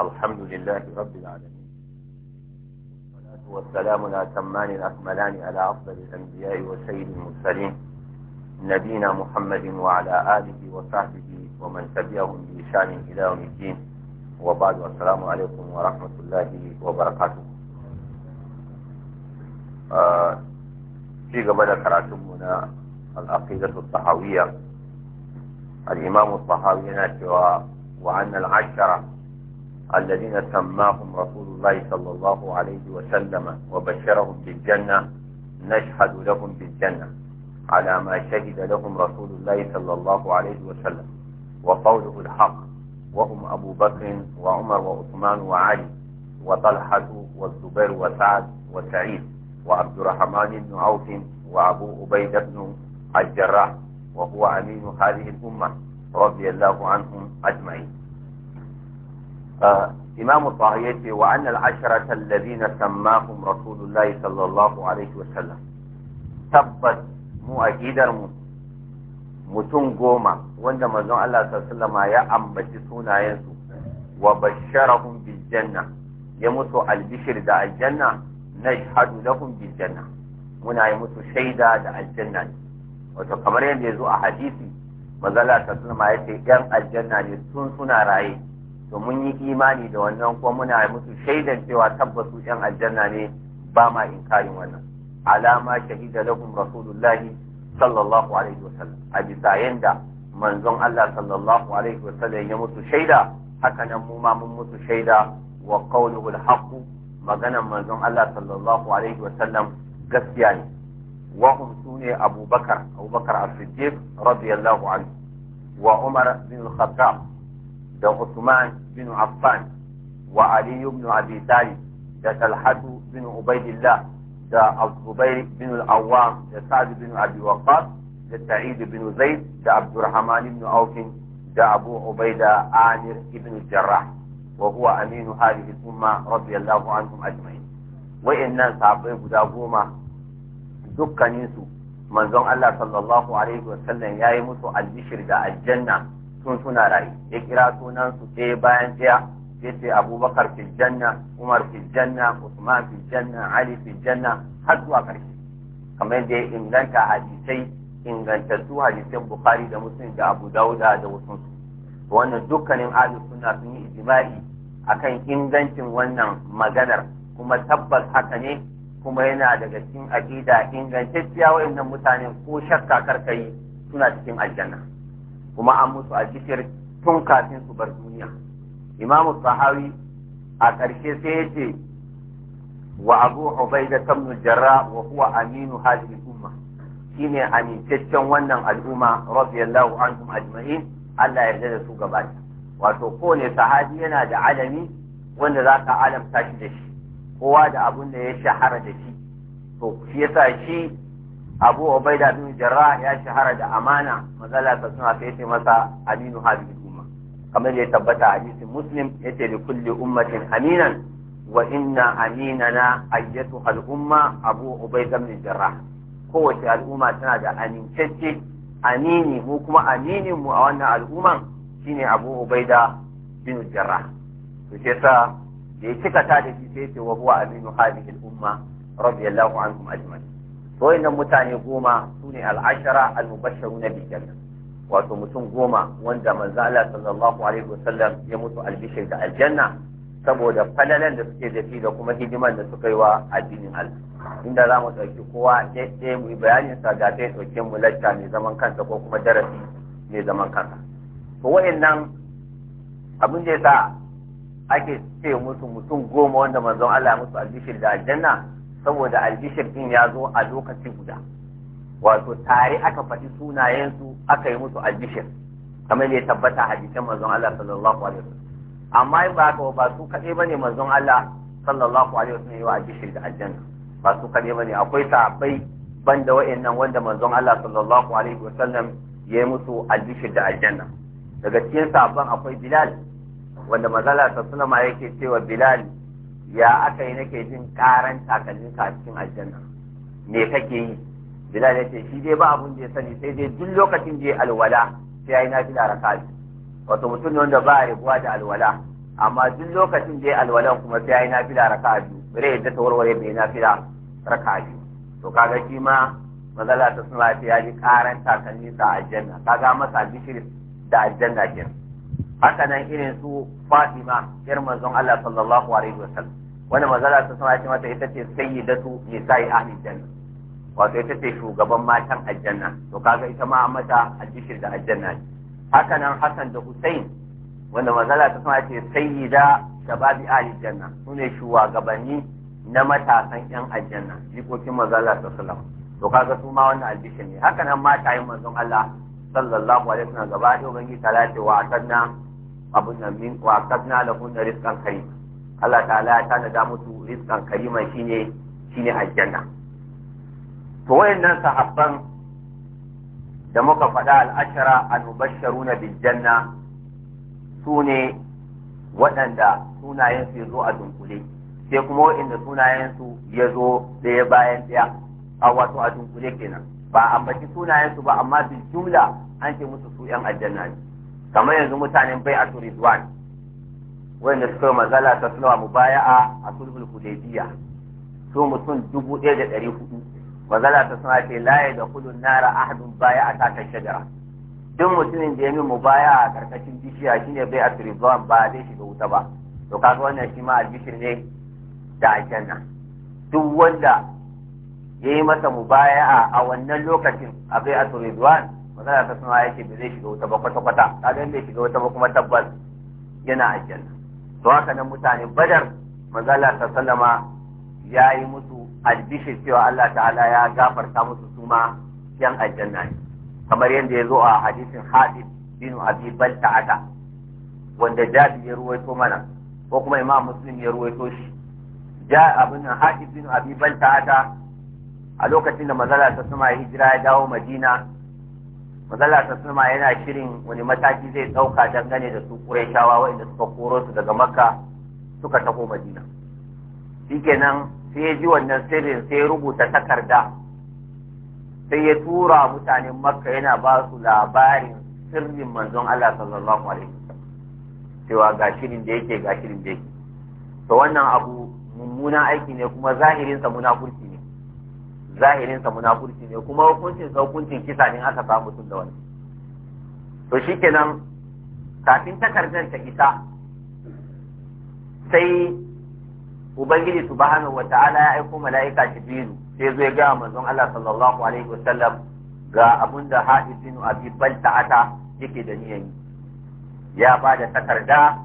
الحمد لله رب العالمين والصلاة والسلام الأتمان الأكملان على أفضل الأنبياء وسيد المرسلين نبينا محمد وعلى آله وصحبه ومن تبعهم بإشان إلى يوم الدين وبعد السلام عليكم ورحمة الله وبركاته آه، في قبل كراتمنا العقيدة الصحوية الإمام الطحاوي نشوى وعن العشرة الذين سماهم رسول الله صلى الله عليه وسلم وبشرهم بالجنة نشهد لهم بالجنة على ما شهد لهم رسول الله صلى الله عليه وسلم وقوله الحق وهم أبو بكر وعمر وعثمان وعلي وطلحة والزبير وسعد وسعيد وعبد الرحمن بن عوف وأبو عبيدة بن الجراح وهو أمين هذه الأمة رضي الله عنهم أجمعين imamu tahi ya ce wa tallafi na alladhina sammahum rasulullahi sallallahu alaihi wa sallam tabbas mu aqidar mu mutum goma wanda manzon Allah sallallahu ya ambaci sunayensu wa basharahum bil janna ya musu albishir da aljanna najhadu lahum bil janna muna yi musu shaida da aljanna ne wato kamar yadda ya zo a hadisi manzon Allah ya ce yan aljanna ne sun suna raye to mun yi imani da wannan kuma muna musu shaidan cewa tabbas su yan aljanna ne ba ma inkarin wannan alama shahida lahum rasulullahi sallallahu alaihi wasallam a bisa yanda manzon Allah sallallahu alaihi wasallam ya musu shaida haka nan mu ma mun musu shaida wa qawluhu al-haqq maganan manzon Allah sallallahu alaihi wasallam gaskiya ne wa hum sune Abubakar Abubakar As-Siddiq radiyallahu anhu wa Umar bin Al-Khattab da Uthman bin Affan wa Ali ibn Abi Talib da Talhatu bin Ubaidillah da Al-Zubair bin Al-Awwam da Sa'd bin Abi Waqqas da Sa'id bin Zaid da Abdurrahman ibn Auf da Abu Ubaida Amir ibn Jarrah wa huwa amin hadhihi umma radiyallahu anhum ajma'in wa inna sahabbai guda goma dukkaninsu manzon Allah sallallahu alaihi wasallam yayi musu al-bishr da aljanna sun suna rayu ya kira sunan su ɗaya bayan ɗaya yace abubakar fi janna umar fi janna usman fi janna ali fi janna har zuwa ƙarshe kamar yadda ya inganta hadisai ingantattu hadisan bukhari da muslim da abu dauda da wasu wannan dukkanin ahli sunna sun yi ijma'i akan ingancin wannan maganar kuma tabbas haka ne kuma yana daga cikin aqida ingantacciya wayannan mutane ko shakka karkai suna cikin aljanna kuma an musu bishiyar tun kafin su bar duniya imamu sahawi a ƙarshe sai ya ce wa abu ubaida ibn jarra wa huwa aminu hadhihi umma shine amintaccen wannan al'umma radiyallahu anhum ajma'in Allah ya yarda da su gaba wato kowane sahabi yana da alami wanda za ka alamta shi da shi kowa da abun da ya shahara da shi to shi yasa shi abu ubaida bin jarra ya shahara da amana mazala ta suna sai masa aminu hadhihi umma kamar ya tabbata a hadisin muslim yace li kulli ummatin aminan wa inna aminana ayyatu al umma abu ubaida bin jarrah kowace al'umma tana da amincacce amini mu kuma aminin mu a wannan al'umman shine abu ubaida bin jarra. to sai sa da ya cika ta da shi sai ce wa huwa aminu hadhihi umma radiyallahu anhum ajma'in wayannan mutane goma su ne al'ashara al mubashiru na bikin wato mutum goma wanda manzo Allah sallallahu alaihi wasallam ya mutu albishir da aljanna saboda falalan da suke da shi da kuma hidiman da suka yi wa addinin Allah inda za mu ɗauki kowa ɗaya mu yi bayanin sa ga ɗaya ɗauke mu lacca mai zaman kansa ko kuma darasi mai zaman kansa to wayannan abin da yasa ake ce musu mutum goma wanda manzo Allah ya mutu bishir da aljanna saboda albishir din ya zo a lokaci guda wato tare aka faɗi sunayensu aka yi musu albishir kamar da ya tabbata hadisan manzon Allah sallallahu alaihi wasallam amma in ba ka ba su kaɗai bane manzon Allah sallallahu alaihi wasallam ya albishir da aljanna ba su kaɗai bane akwai sahabbai banda wa'annan wanda manzon Allah sallallahu alaihi wasallam ya yi musu albishir da aljanna daga cikin sahabban akwai Bilal wanda manzon Allah sallallahu alaihi wasallam yake cewa Bilal ya aka yi nake jin karan takalmin ka a cikin aljanna me kake yi bilal ya ce shi dai ba abun da ya sani sai dai duk lokacin da ya alwala sai yayi da raka'a wato mutum wanda ba a rabuwa da alwala amma duk lokacin da ya alwala kuma sai yayi nafila raka'a biyu bare yadda ta warware mai nafila raka'a biyu to kaga shi ma mazala ta suna ta yaji karan takalmi sa aljanna kaga masa bishir da aljanna kenan haka nan irin su Fatima yar manzon Allah sallallahu alaihi wasallam wani mazala ta sama ce mata ita ce sayyidatu nisa'i ahli janna wato ita ce shugaban matan aljanna to kaga ita ma mata jishir da aljanna ne. haka nan Hassan da Hussein wanda mazala ta sama ce da shababi ahli janna sune shugabanni na matasan yan aljanna jikokin mazala ta sallama to kaga su ma wannan aljishir ne haka nan yin manzon Allah sallallahu alaihi wasallam gaba ɗaya ubangi talatin wa atanna abun nan min wa atanna lahun rizqan karim Allah ta'ala ya da musu rizqan karima shine shine aljanna to wayannan sahabban da muka faɗa al'ashara an mubashsharuna bil janna sune waɗanda sunayen su yazo a dunkule sai kuma waɗanda su ya zo ɗaya bayan ɗaya a wato a dunkule kenan ba a ambaci su ba amma bil jumla an ce musu su 'yan aljanna ne kamar yanzu mutanen bai a turizwan wanda suka yi mazala ta sulawa mu baya a sulhul hudaybiya su mutum dubu ɗaya da ɗari hudu mazala ta suna ce laye da kudun nara ahadun baya a kan shagara duk mutumin da ya min mu baya a ƙarƙashin bishiya shine bai a turizon ba zai shiga wuta ba to kaga wannan shi ma albishir ne da aljanna duk wanda ya yi masa mubaya'a a wannan lokacin a bai a turizon mazala ta suna ya ce ba zai shiga wuta ba kwata-kwata kaga bai shiga wuta ba kuma tabbas yana aljanna to haka nan mutane badar manzala ta sallama ya yi musu albishir cewa Allah ta'ala ya gafarta musu suma yan aljanna ne kamar yadda ya zo a hadisin hadid bin abi balta'ata wanda jabi ya ruwaito mana ko kuma imam muslim ya ruwaito shi ja abin hadid bin abi balta'ata a lokacin da manzala ta sama hijira ya dawo madina mazala ta suma yana shirin wani mataki zai ɗauka dangane da su shawa waɗanda suka koro su daga makka suka taho madina nan sai ya ji wannan sirrin sai ya rubuta takarda sai ya tura mutanen makka yana ba su labarin sirrin manzon Allah sallallahu alaihi cewa ga shirin da yake ga shirin da yake to wannan abu mummunan aiki ne kuma zahirinsa munafurci zahirin sa munafurci ne kuma hukuncin sa hukuncin kisa ne aka samu mutum da wani to shikenan kafin takardar ta isa sai ubangiji subhanahu wata'ala ya aiko mala'ika jibrilu sai zo ya ga manzon Allah sallallahu alaihi wasallam ga abun da Hadid bin Abi yake da niyan ya ba da takarda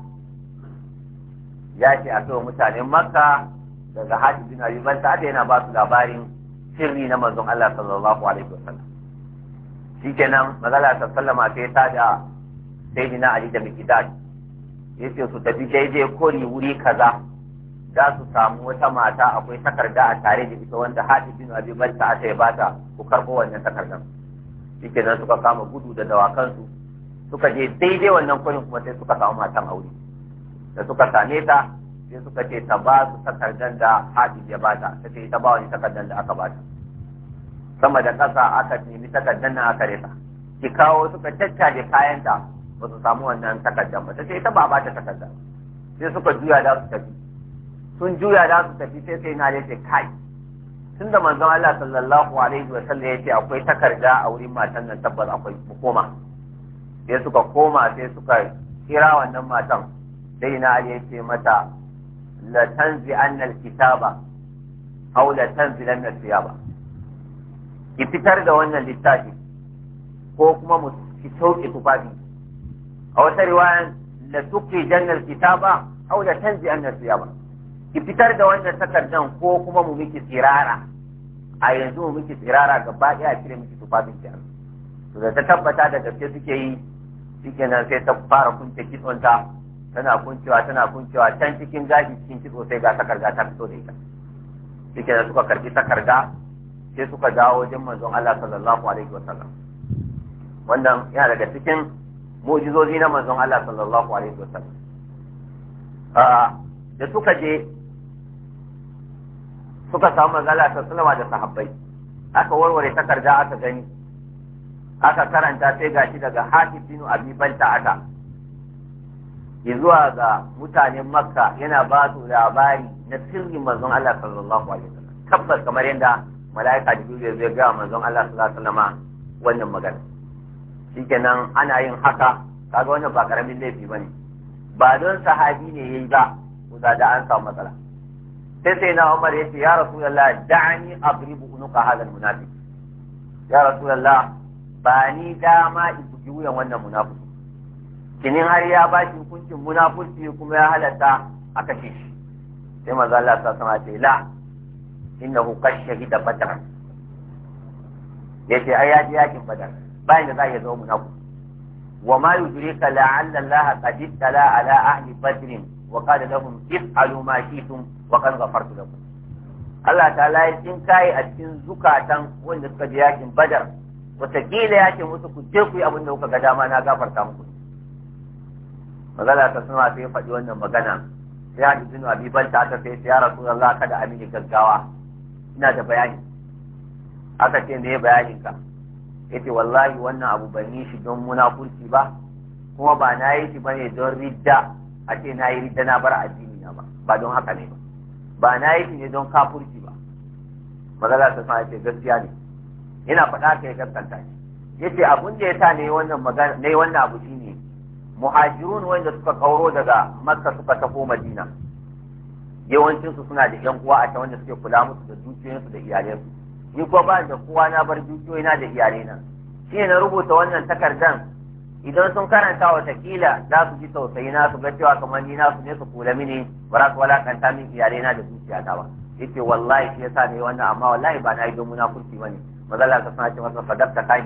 ya ce a mutanen Makka daga Hadid bin Abi ata yana ba su labarin sirri na manzon Allah sallallahu alaihi wasallam kenan magana ta sallama sai ta da sayyidina Ali da Ya ce su tafi daidai kori wuri kaza za su samu wata mata akwai takarda a tare da ita wanda hadi bin Abi Balta aka yi bata ku karbo wannan takardar kenan suka kama gudu da dawakansu suka je daidai wannan kwarin kuma sai suka samu matan aure da suka same ta sai suka ce ta ba su takardar da hadis ya ba ta ta ce ta ba wani takardar da aka ba ta. sama da ƙasa aka nemi takardar na aka rika ki kawo suka caccaje kayanta ba su samu wannan takardar ba ta ce ita ba ba ta takardar sai suka juya da su tafi sun juya da su tafi sai sai na da ce kai tun da manzon Allah sallallahu alaihi wa sallam yace akwai takarda a wurin matan nan tabbas akwai mu koma sai suka koma sai suka kira wannan matan sai na Ali yace mata la tanzi annal kitaba aw la tanzi lannal siyaba ki fitar da wannan littafi ko kuma mu ki sauke tufafi a wata riwaya la tuqi jannal kitaba aw la tanzi annal siyaba ki fitar da wannan takardan ko kuma mu miki tsirara a yanzu mu miki tsirara gaba a cire miki tufafin ki to da ta tabbata da gaske suke yi shikenan sai ta fara kunta kitsonta tana kuncewa tana kuncewa can cikin gashi cikin kitso sai ga takarda ta fito da ita shike da suka karbi takarda sai suka dawo wajen manzon Allah sallallahu alaihi wasallam wannan yana daga cikin mu'jizozi na manzon Allah sallallahu alaihi wasallam ah, da suka je suka samu manzala ta sallama da sahabbai aka warware takarda aka gani aka karanta sai gashi daga hafi bin abi balta ata zuwa ga mutanen makka yana ba su labari na sirri mazan Allah sallallahu alaihi wasallam tabbas kamar yadda mala'ika jibril zai ga mazan Allah sallallahu alaihi wasallam wannan magana shikenan ana yin haka kaga wannan ba karamin laifi bane ba don sahabi ne yayi ba kuma da an samu matsala sai sai na Umar ya ce ya Rasulullah da'ani abribu unuka hadha almunafiq ya Rasulullah ba ni dama in buji wuyan wannan munafiki kinin har ya ba shi hukuncin munafurci kuma ya halatta a kashe shi sai manzo Allah ta sama ce la innahu qashhida da badar yace ai ya ji yakin badar bayan da za ya zama munafiq wa ma yudrika la'alla Allah qad tala ala ahli badr wa qala lahum if'alu ma shi'tum wa qad ghafartu lakum Allah ta'ala ya tsin kai a cikin zukatan wanda suka ji yakin badar wataƙila ya ce musu ku je ku yi abin da kuka ga dama na gafarta muku magana ta suna sai ya faɗi wannan magana sai ya ibn ta ta aka sai ya Allah kada a mini gaggawa ina da bayani aka ce me bayanin ka ce, wallahi wannan abu ban yi shi don munafurci ba kuma ba na yi shi bane don ridda a ce na yi ridda na bar addini na ba ba don haka ne ba ba na yi shi ne don kafurci ba magana ta suna ce gaskiya ne ina faɗa ka ya gaskanta shi yace abun da ya sa ne wannan magana ne wannan abu shine muhajirun wanda suka kauro daga makka suka tafo madina yawancin su suna da yan uwa a ta wanda suke kula musu da dukiyoyinsu da iyalansu ni kuma ba da kowa na bar dukiyoyina da iyalaina shi na rubuta wannan takardan idan sun karanta watakila za su ji tausayi na su ga cewa kamar ni na su ne su kula mini ba za su walakanta min iyalaina da ta ba yace wallahi shi yasa ne wannan amma wallahi ba na yi domin na kurci bane mazalla ka sana ce masa sadaqta kai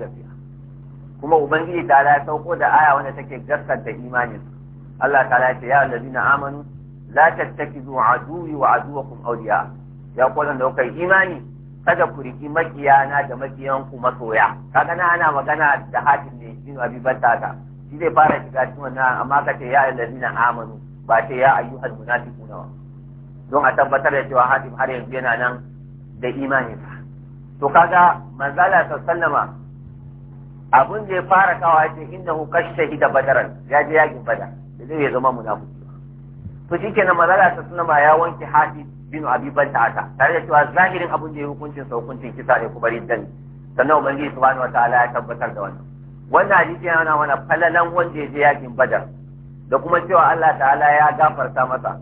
kuma ubangiji ta ya sauko da aya wanda take gaskanta imanin Allah ta ce ya allazina amanu la tattakizu aduwi wa aduwakum awliya ya kwanan da kai imani kada ku riki makiyana da makiyanku masoya kaga na ana magana da hatin ne shi abi battaka shi zai fara shiga cikin wannan amma ka ce ya allazina amanu ba ce ya ayyuhal munafiquna don a tabbatar da cewa hatim har yanzu yana nan da imani to kaga manzala sallama abin da ya fara kawo ce inda hu kashe hida badaran ya je yakin bada da zai zama munafiki to shikenan mazala ta suna ma ya wanke hafi bin abi ban ta'ata tare da cewa zahirin abin da ya hukuncin sa hukuncin kisa ne ku bari dan sannan ubangiji subhanahu wataala ya tabbatar da wannan wannan hadisi yana nuna mana falalan wanda ya je yakin badar da kuma cewa Allah ta'ala ya gafarta masa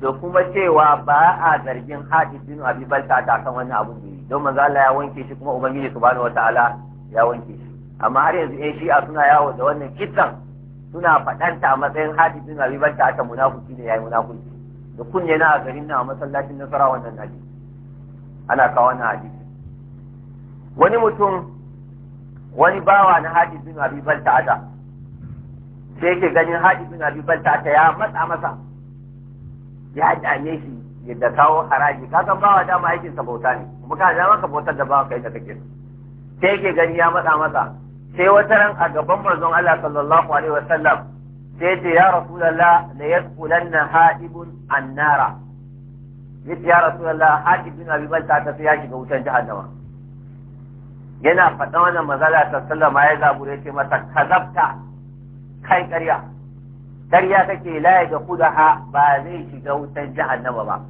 da kuma cewa ba a zargin hadis bin abi balta ta kan wannan abin da don manzo Allah ya wanke shi kuma ubangiji subhanahu wataala ya wanke shi amma har yanzu yan shi'a suna yawo da wannan kitan suna faɗanta a matsayin hadi suna ribanta ta munafuki ne yayi munafuki da kunne na a garin na a masallacin nasara wannan hadisi ana kawo wannan hadisi wani mutum wani bawa na hadi bin abi balta ta sai yake ganin hadi bin abi balta ta ya matsa masa ya dame shi yadda kawo haraji kaga bawa dama aikin sa bauta ne kuma ka dama ka bautar da bawa kai da kake sai yake gani ya matsa masa sai wata ran a gaban manzon Allah sallallahu alaihi wasallam sai ce ya rasulullah la yadkhulanna haibun annara yace ya rasulullah haibun abi balta ta sai ya shiga wutan jahannama yana faɗa wannan mazala ta sallama ya zabure ce masa kazabta kai ƙarya ƙarya kake la ya ga ha ba zai shiga wutan jahannama ba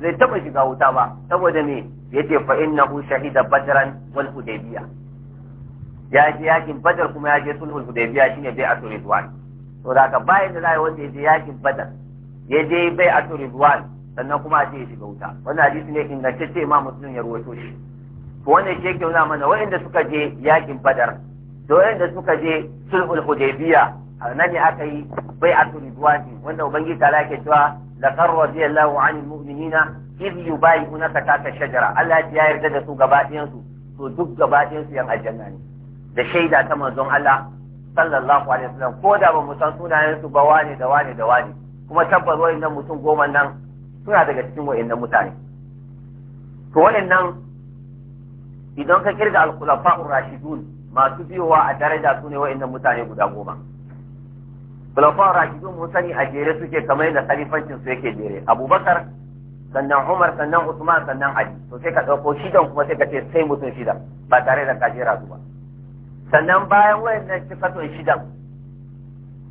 zai taɓa shiga wuta ba saboda me yace fa innahu shahida badran wal hudaybiyah ya je yakin badar kuma ya je sulhul hudaybiya shine bai atu ridwan to da ka bayan da zai wanda ya je yakin badar ya je bai atu ridwan sannan kuma a ce ya shiga wuta wannan hadisi ne ce ma musulmin ya ruwaito shi to wannan shi ke nuna mana waɗanda suka je yakin badar da waɗanda suka je sulhul hudaybiya nan ne aka yi bai atu ridwan wanda ubangiji ta lake cewa laqad radiyallahu anil mu'minina idh yubayyi'unaka ta shajara Allah ya yarda da su gaba ɗayan su to duk gaba ɗayan su yan aljanna ne da shaida ta manzon Allah sallallahu alaihi wasallam ko da ba mu san sunayen su ba wane da wane da wane kuma tabbas wayannan mutum goma nan suna daga cikin wayannan mutane to wayannan idan ka kirga al-khulafa rashidun masu biyowa a daraja su ne wayannan mutane guda goma khulafa rashidun mun sani a jere suke kamar yadda khalifancin su yake jere abubakar sannan umar sannan usman sannan ali to sai ka dauko shidan kuma sai ka ce sai mutum shida ba tare da kajera su ba sannan bayan wayannan sifatun shidan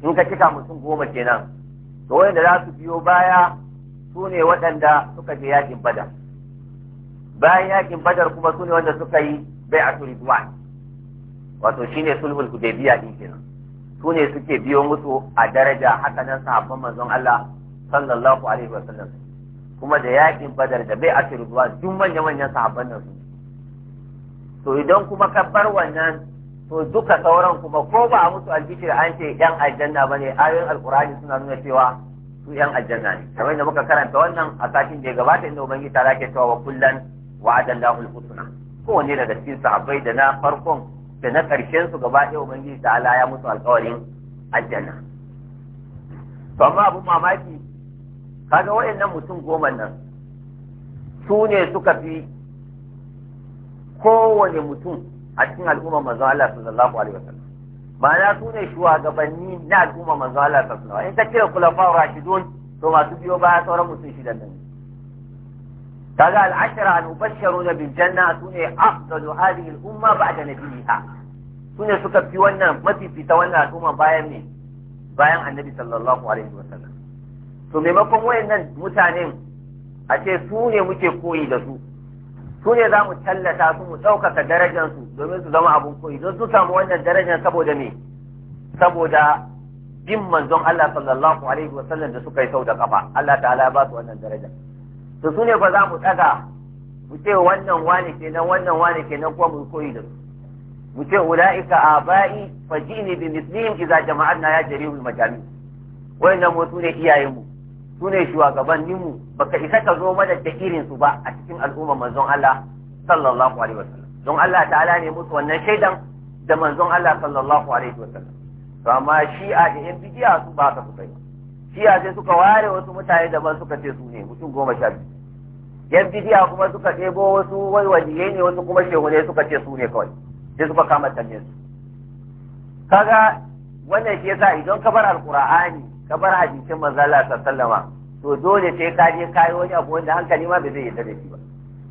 in ka cika mutum goma kenan to wayanda za su biyo baya su ne waɗanda suka je yakin badar bayan yakin badar kuma su ne wanda suka yi bai a zuwa. wato shine sulhul hudaybiya din kenan su ne suke biyo musu a daraja haka nan sahabban manzon Allah sallallahu alaihi wa sallam kuma da yakin badar da bai a zuwa duk manya manyan sahabban nan su to idan kuma ka bar wannan to duka sauran kuma ko ba a musu albishir an ce yan aljanna ba ne ayoyin alkurani suna nuna cewa su yan aljanna ne kamar yadda muka karanta wannan a satin da ya gabata inda ubangiji ta lake cewa wa kullan wa'adan lahul husna kowanne daga cikin sahabbai da na farkon da na karshen su gaba ɗaya ubangiji ta ala ya musu alkawarin aljanna to amma abun mamaki kaga waɗannan mutum goma nan su ne suka fi kowane mutum a cikin al'umma manzo Allah sallallahu alaihi wasallam ma'ana su ne shugabanni na al'umma manzo Allah sallallahu alaihi wasallam in ka cire khulafa rashidun to masu biyo baya sauran mutum shida nan kaga al'ashara al-mubashsharuna bil janna sune ne afdalu hadhihi al-umma ba'da nabiha su ne suka fi wannan mafifita wannan al'umma bayan ne bayan annabi sallallahu alaihi wasallam to maimakon wayannan mutanen a ce su ne muke koyi da su su ne za mu tallata su mu ɗaukaka darajansu domin su zama abin koyi don su samu wannan darajar saboda me saboda bin manzon Allah sallallahu alaihi wa sallam da suka yi sau da kafa Allah ta'ala ya ba su wannan daraja to su ne fa za mu daga mu ce wannan wani kenan wannan wani kenan kuma mu koyi da su mu ce ulaika abai fajini bi mithlihim idza jama'anna ya jarihu majami wannan mu su ne iyayenmu su ne mu baka isa ka zo mana da irin su ba a cikin al'umma manzon Allah sallallahu alaihi wasallam don Allah ta'ala ne musu wannan shaidan da manzon Allah sallallahu alaihi wasallam to amma shi'a da yan bidiya su ba ka kusa shi'a sai suka ware wasu mutane daban suka ce su ne mutum goma sha biyu yan bidiya kuma suka ɗebo wasu waiwaliye ne wasu kuma shehu ne suka ce su ne kawai sai suka kama tanne su kaga wannan shi yasa idan ka bar alqur'ani ka bar hadisin manzo Allah sallama to dole sai ka je kai wani abu wanda hankali ma bai zai yarda da shi ba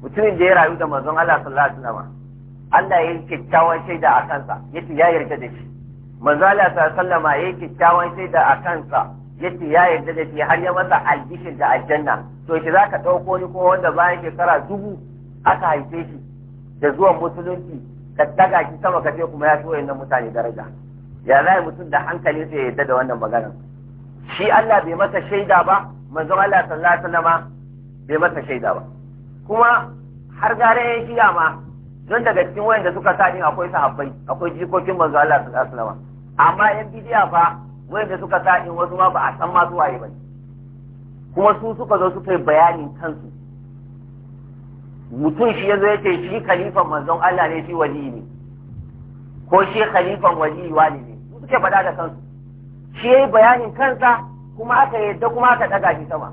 mutumin da ya rayu da manzon Allah sallallahu alaihi wasallam Allah ya yi kyakkyawan shaida a kansa yace ya yarda da shi manzo Allah sallallahu alaihi wasallam ya yi kyakkyawan shaida a kansa yace ya yarda da shi har ya masa aljishin da aljanna to shi zaka dauko ni ko wanda bayan shekara dubu aka haife shi da zuwan musulunci ka daga shi sama ka ce kuma ya so wayannan mutane daraja ya zai mutum da hankalinsa ya yarda da wannan maganar shi Allah bai masa shaida ba manzo Allah sallallahu alaihi wasallama bai masa shaida ba kuma har gare ya shiya ma don daga cikin wayanda suka sa din akwai sahabbai akwai jikokin manzo Allah sallallahu alaihi wasallama amma yan bidiya fa wayanda suka sa din wasu ma ba a san ma su waye ba kuma su suka zo suka yi bayanin kansu mutum shi yanzu yace shi khalifan manzon Allah ne shi wali ne ko shi khalifan wali wali ne su suke faɗa da kansu shi ya yi bayanin kansa kuma aka yadda kuma aka ɗaga, shi sama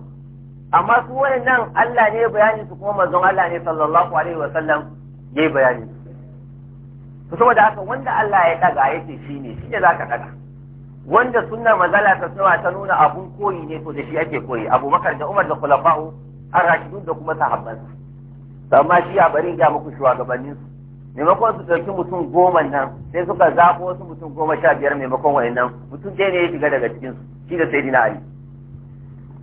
amma su wayannan Allah ne bayanin su kuma manzon Allah ne sallallahu alaihi wa sallam yayi bayani su saboda haka wanda Allah ya daga ce shi ne shi ne zaka daga wanda sunna mazala ta sawa ta nuna abun koyi ne to da shi ake koyi abu Abubakar da Umar da Khulafa'u ar-Rashidun da kuma sahabbansa amma shi ya bari ga muku shugabanninsu maimakon su ɗauki mutum goma nan sai suka zaɓo wasu mutum goma sha biyar maimakon wa'annan mutum ɗaya ne ya shiga daga cikin shi da sayyidina ali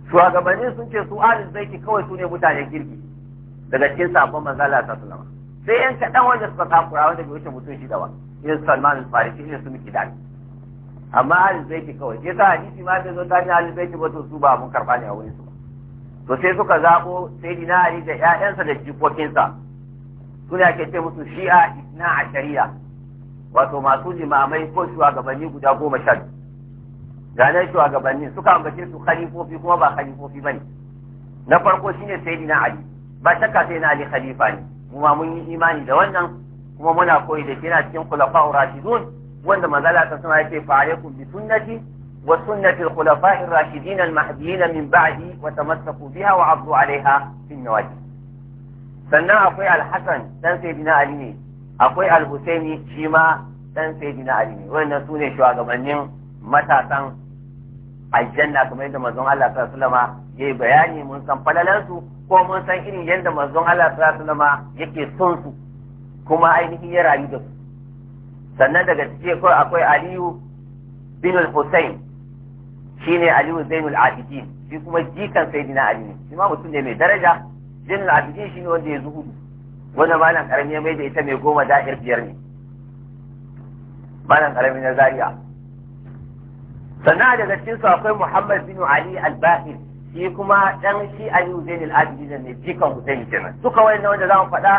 shugabannin sun ce su alin zaiki kawai su ne mutanen girki, daga cikin sabon manzala ta sulama sai yan kaɗan wanda suka takura wanda bai wuce mutum shi da ba irin salman al-farisi irin su mikidal amma alin zaiki kawai sai sa hadisi ma bai zo ta ne alin zaiki ba to su ba mun karɓa ne a wurin su to sai suka zaɓo sayyidina ali da ƴaƴansa da jikokinsa suna ake ce musu shi'a isna a shari'a wato masu limamai ko shugabanni guda goma sha biyu ganar shugabanni suka ambace su khalifofi kuma ba khalifofi bane na farko shine sayyidina ali ba shakka sai na ali khalifa ne kuma mun yi imani da wannan kuma muna koyi da kina cikin khulafa'ur rashidun wanda manzala ta sama yake fa alaikum bi sunnati wa sunnati al-khulafa'ir rashidin al-mahdiyyin min ba'di wa tamassaku biha wa 'addu 'alayha fi nawajib sannan akwai alhassan dan sayyidina ali ne akwai alhusaini shi ma dan sayyidina ali ne wannan su ne shugabannin matasan aljanna kamar yadda manzon Allah sallallahu alaihi wasallam yayi bayani mun san falalansu ko mun san irin yadda manzon Allah sallallahu alaihi wasallam yake son su kuma ainihin ya rayu da su sannan daga cikin akwai aliyu bin al-husayn shine aliyu zainul abidin shi kuma jikan sayyidina ali ne shi ma mutum ne mai daraja jin abidin shi ne wanda ya zuhu wanda malam karami ya mai da ita mai goma da'ir biyar ne malam karami na zaria sannan daga cikin su akwai muhammad bin ali al bahir shi kuma dan shi ali husain al-abidin ne jikan hussein kenan suka wanda wanda za mu faɗa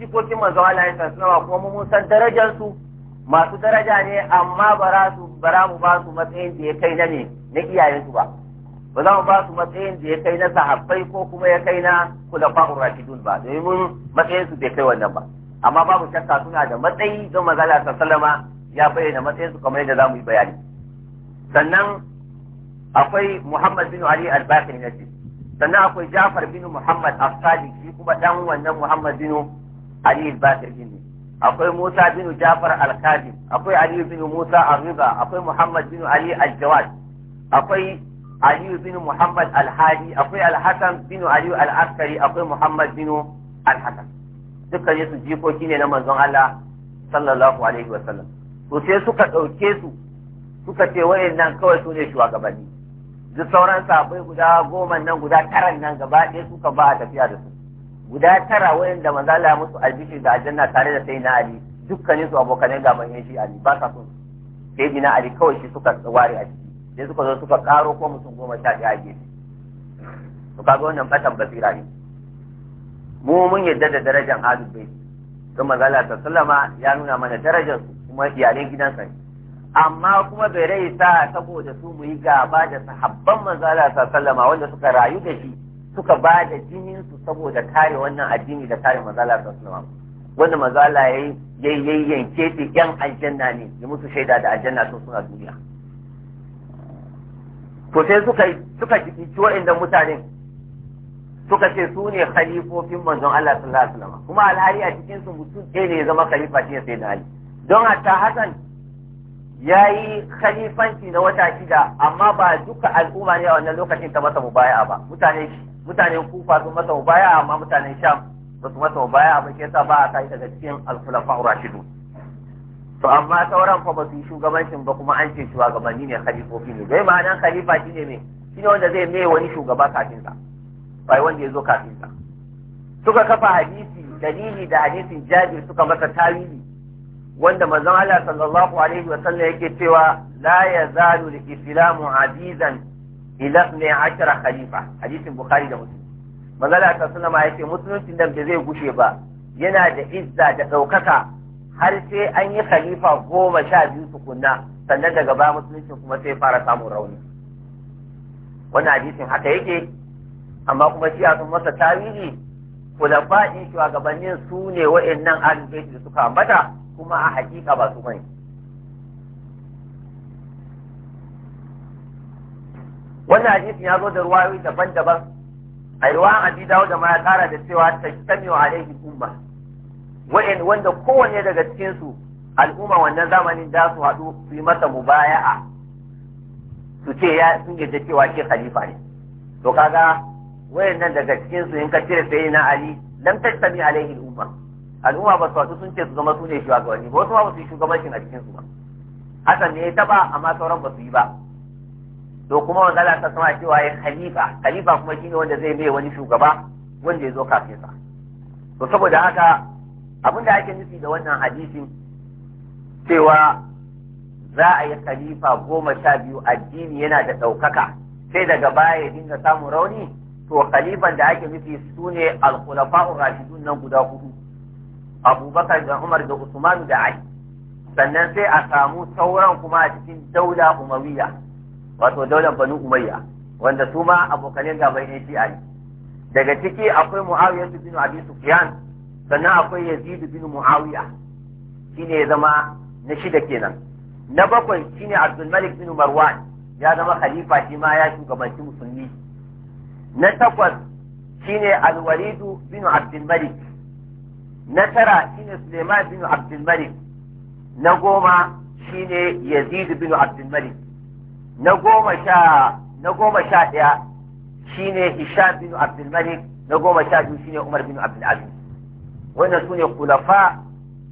jikokin manzo Allah ya sanar kuma mun san darajar su masu daraja ne amma bara su bara mu ba su matsayin da ya kai na ne na iyayen su ba ba za mu ba su matsayin da ya kai na sahabbai ko kuma ya kai na kulafa'ur rashidun ba domin matsayin su bai kai wannan ba amma babu shakka suna da matsayi don manzala salama ya bayyana matsayin su kamar yadda za mu yi bayani sannan akwai Muhammad bin Ali al-Bakir na sannan akwai Jafar bin Muhammad as shi kuma dan wannan Muhammad bin Ali al-Bakir ne akwai Musa bin Jafar al akwai Ali bin Musa al akwai Muhammad bin Ali al-Jawad akwai aliyu bin muhammad al-hadi akwai al-hasan bin aliyu al-askari akwai muhammad bin al-hasan dukkan su jikoki ne na manzon Allah sallallahu alaihi wa sallam to sai suka dauke su suka ce nan kawai su ne shugabanni duk sauran akwai guda goma nan guda taran nan gaba ɗaya suka ba a tafiya da su guda tara da manzon Allah musu albishi da aljanna tare da na ali dukkanin su abokanai gaban yan shi ali ba sa so sayyidina ali kawai shi suka ware a ciki sai suka zo suka karo ko mutum goma sha ɗaya a gefe to kaga wannan fatan basira ne mu mun yadda da darajar ahlul bai don magana ta sallama ya nuna mana darajar su kuma iyalan gidansa ne amma kuma bai rai sa saboda su mu yi gaba da sahabban manzala ta sallama wanda suka rayu da shi suka ba da jinin su saboda kare wannan addini da kare manzala ta sallama wanda manzala yayi yayi yanke yan aljanna ne ya musu shaida da aljanna sun suna duniya to sai suka suka kici wa'annan mutanen suka ce su ne khalifofin manzon Allah sallallahu alaihi wasallam kuma alhali a cikin su mutum ɗaya ne ya zama khalifa shi sai da Ali don hatta Hassan yayi khalifanci na wata shida amma ba duka al'umma ne a wannan lokacin ta masa mubaya'a ba mutane mutanen Kufa sun masa mubaya'a amma mutanen Sham ba su masa mubaya'a ba ke sa ba a kai daga cikin al-khulafa rashidun to amma sauran fa ba su yi shugabancin ba kuma an ce shugabanni ne khalifofi ne bai ma'anan khalifa shine shi ne wanda zai mai wani shugaba kafin sa bai wanda ya zo kafin sa suka kafa hadisi dalili da hadisin jabir suka masa tawili wanda manzon Allah sallallahu alaihi wa sallam yake cewa la yazalu al-islamu azizan ila 12 khalifa hadisin bukhari da muslim manzon Allah sallallahu alaihi wa sallam yake musulunci nan da zai gushe ba yana da izza da daukaka har sai an yi khalifa goma sha biyu tukunna sannan daga baya musulunci kuma sai fara samun rauni wannan hadisin haka yake amma kuma shi sun masa tarihi kulafa'in shugabannin su ne wa'annan ahlul da suka ambata kuma a hakika ba su bane wannan hadisin ya zo da ruwayoyi daban-daban a ruwan abi dawo da ma ya kara da cewa tajtamiu alaihi umma wanda kowanne daga cikinsu al'umma wannan zamanin da su haɗu su yi masa mubaya'a su ce ya sun yadda cewa shi khalifa ne to kaga wayannan daga cikin su in ka cire sai na ali lam tattami alaihi al'umma al'umma ba su sun ce su zama su ne shugabanni ba wasu ma ba su yi shugabancin a cikin su ba hasan ne ya taba amma sauran ba su yi ba to kuma wanda Allah ta sama cewa ya khalifa khalifa kuma shine wanda zai mai wani shugaba wanda ya zo kafin sa to saboda haka abin da ake nufi da wannan hadisin cewa za a yi khalifa goma sha biyu addini yana da ɗaukaka sai daga baya ya dinga samun rauni to khalifan da ake nufi su ne alkulafa'ur rashidun nan guda hudu abubakar da umar da usman da ali sannan sai a samu sauran kuma a cikin daula umawiya wato daular banu umayya wanda su ma abokanin gaban shi shi'a ne daga ciki akwai muawiya bin abi sufyan sannan akwai yazid bin muawiya shine ya zama na shida kenan na bakwai shine abdul malik bin marwan ya zama khalifa shi ma ya shugabanci musulmi na takwas shine al-walid bin abdul malik na tara shine suleiman bin abdul malik na goma shine yazid bin abdul malik na goma sha na goma sha daya shine hisham bin abdul malik na goma sha biyu shine umar bin abdul aziz wannan sune kulafa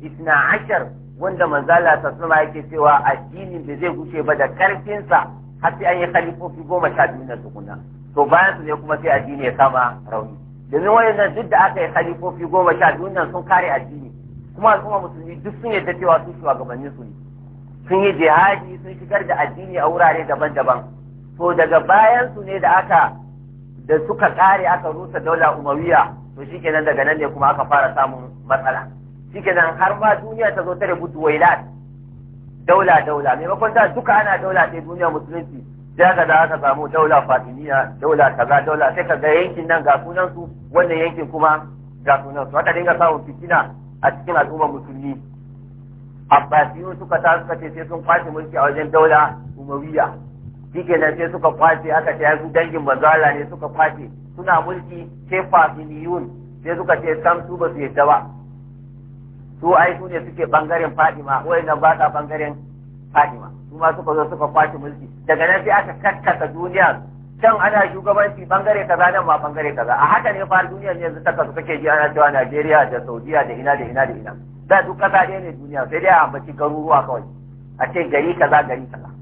isna ashar wanda manzala ta sama yake cewa addinin da zai gushe ba da karfinsa har sai an yi khalifofi goma sha biyu na tukuna to bayan su ne kuma sai addini ya kama rauni domin wayannan duk da aka yi khalifofi goma sha biyu nan sun kare addini kuma al'umma musulmi duk sun yadda cewa su shugabannin su ne sun yi jihadi sun shigar da addini a wurare daban-daban to daga bayan su ne da aka da suka kare aka rusa daula umawiya to kenan daga nan ne kuma aka fara samun matsala kenan har ma duniya ta zo ta rubuta wailat daula daula maimakon da duka ana daula sai duniya musulunci sai ka za aka samu daula fatimiya daula kaza daula sai ka ga yankin nan ga sunan su wannan yankin kuma ga sunan su haka dinga samun fitina a cikin al'ummar musulmi abbasiyu suka ta suka ce sai sun kwace mulki a wajen daula umawiya shike nan sai suka kwace aka ce su dangin manzala ne suka kwace suna mulki sai fatimiyun sai suka ce sam su ba su yadda ba su ai su ne suke bangaren fatima wayannan ba sa bangaren fatima su ma suka zo suka kwace mulki daga nan sai aka kakkasa duniya can ana shugabanci bangare kaza nan ma bangare kaza a haka ne fa duniyar yanzu ta kasu kake ji ana cewa Najeriya da Saudiya da ina da ina da ina da duk kasa ne duniya sai dai a ambaci garuruwa kawai a ce gari kaza gari kaza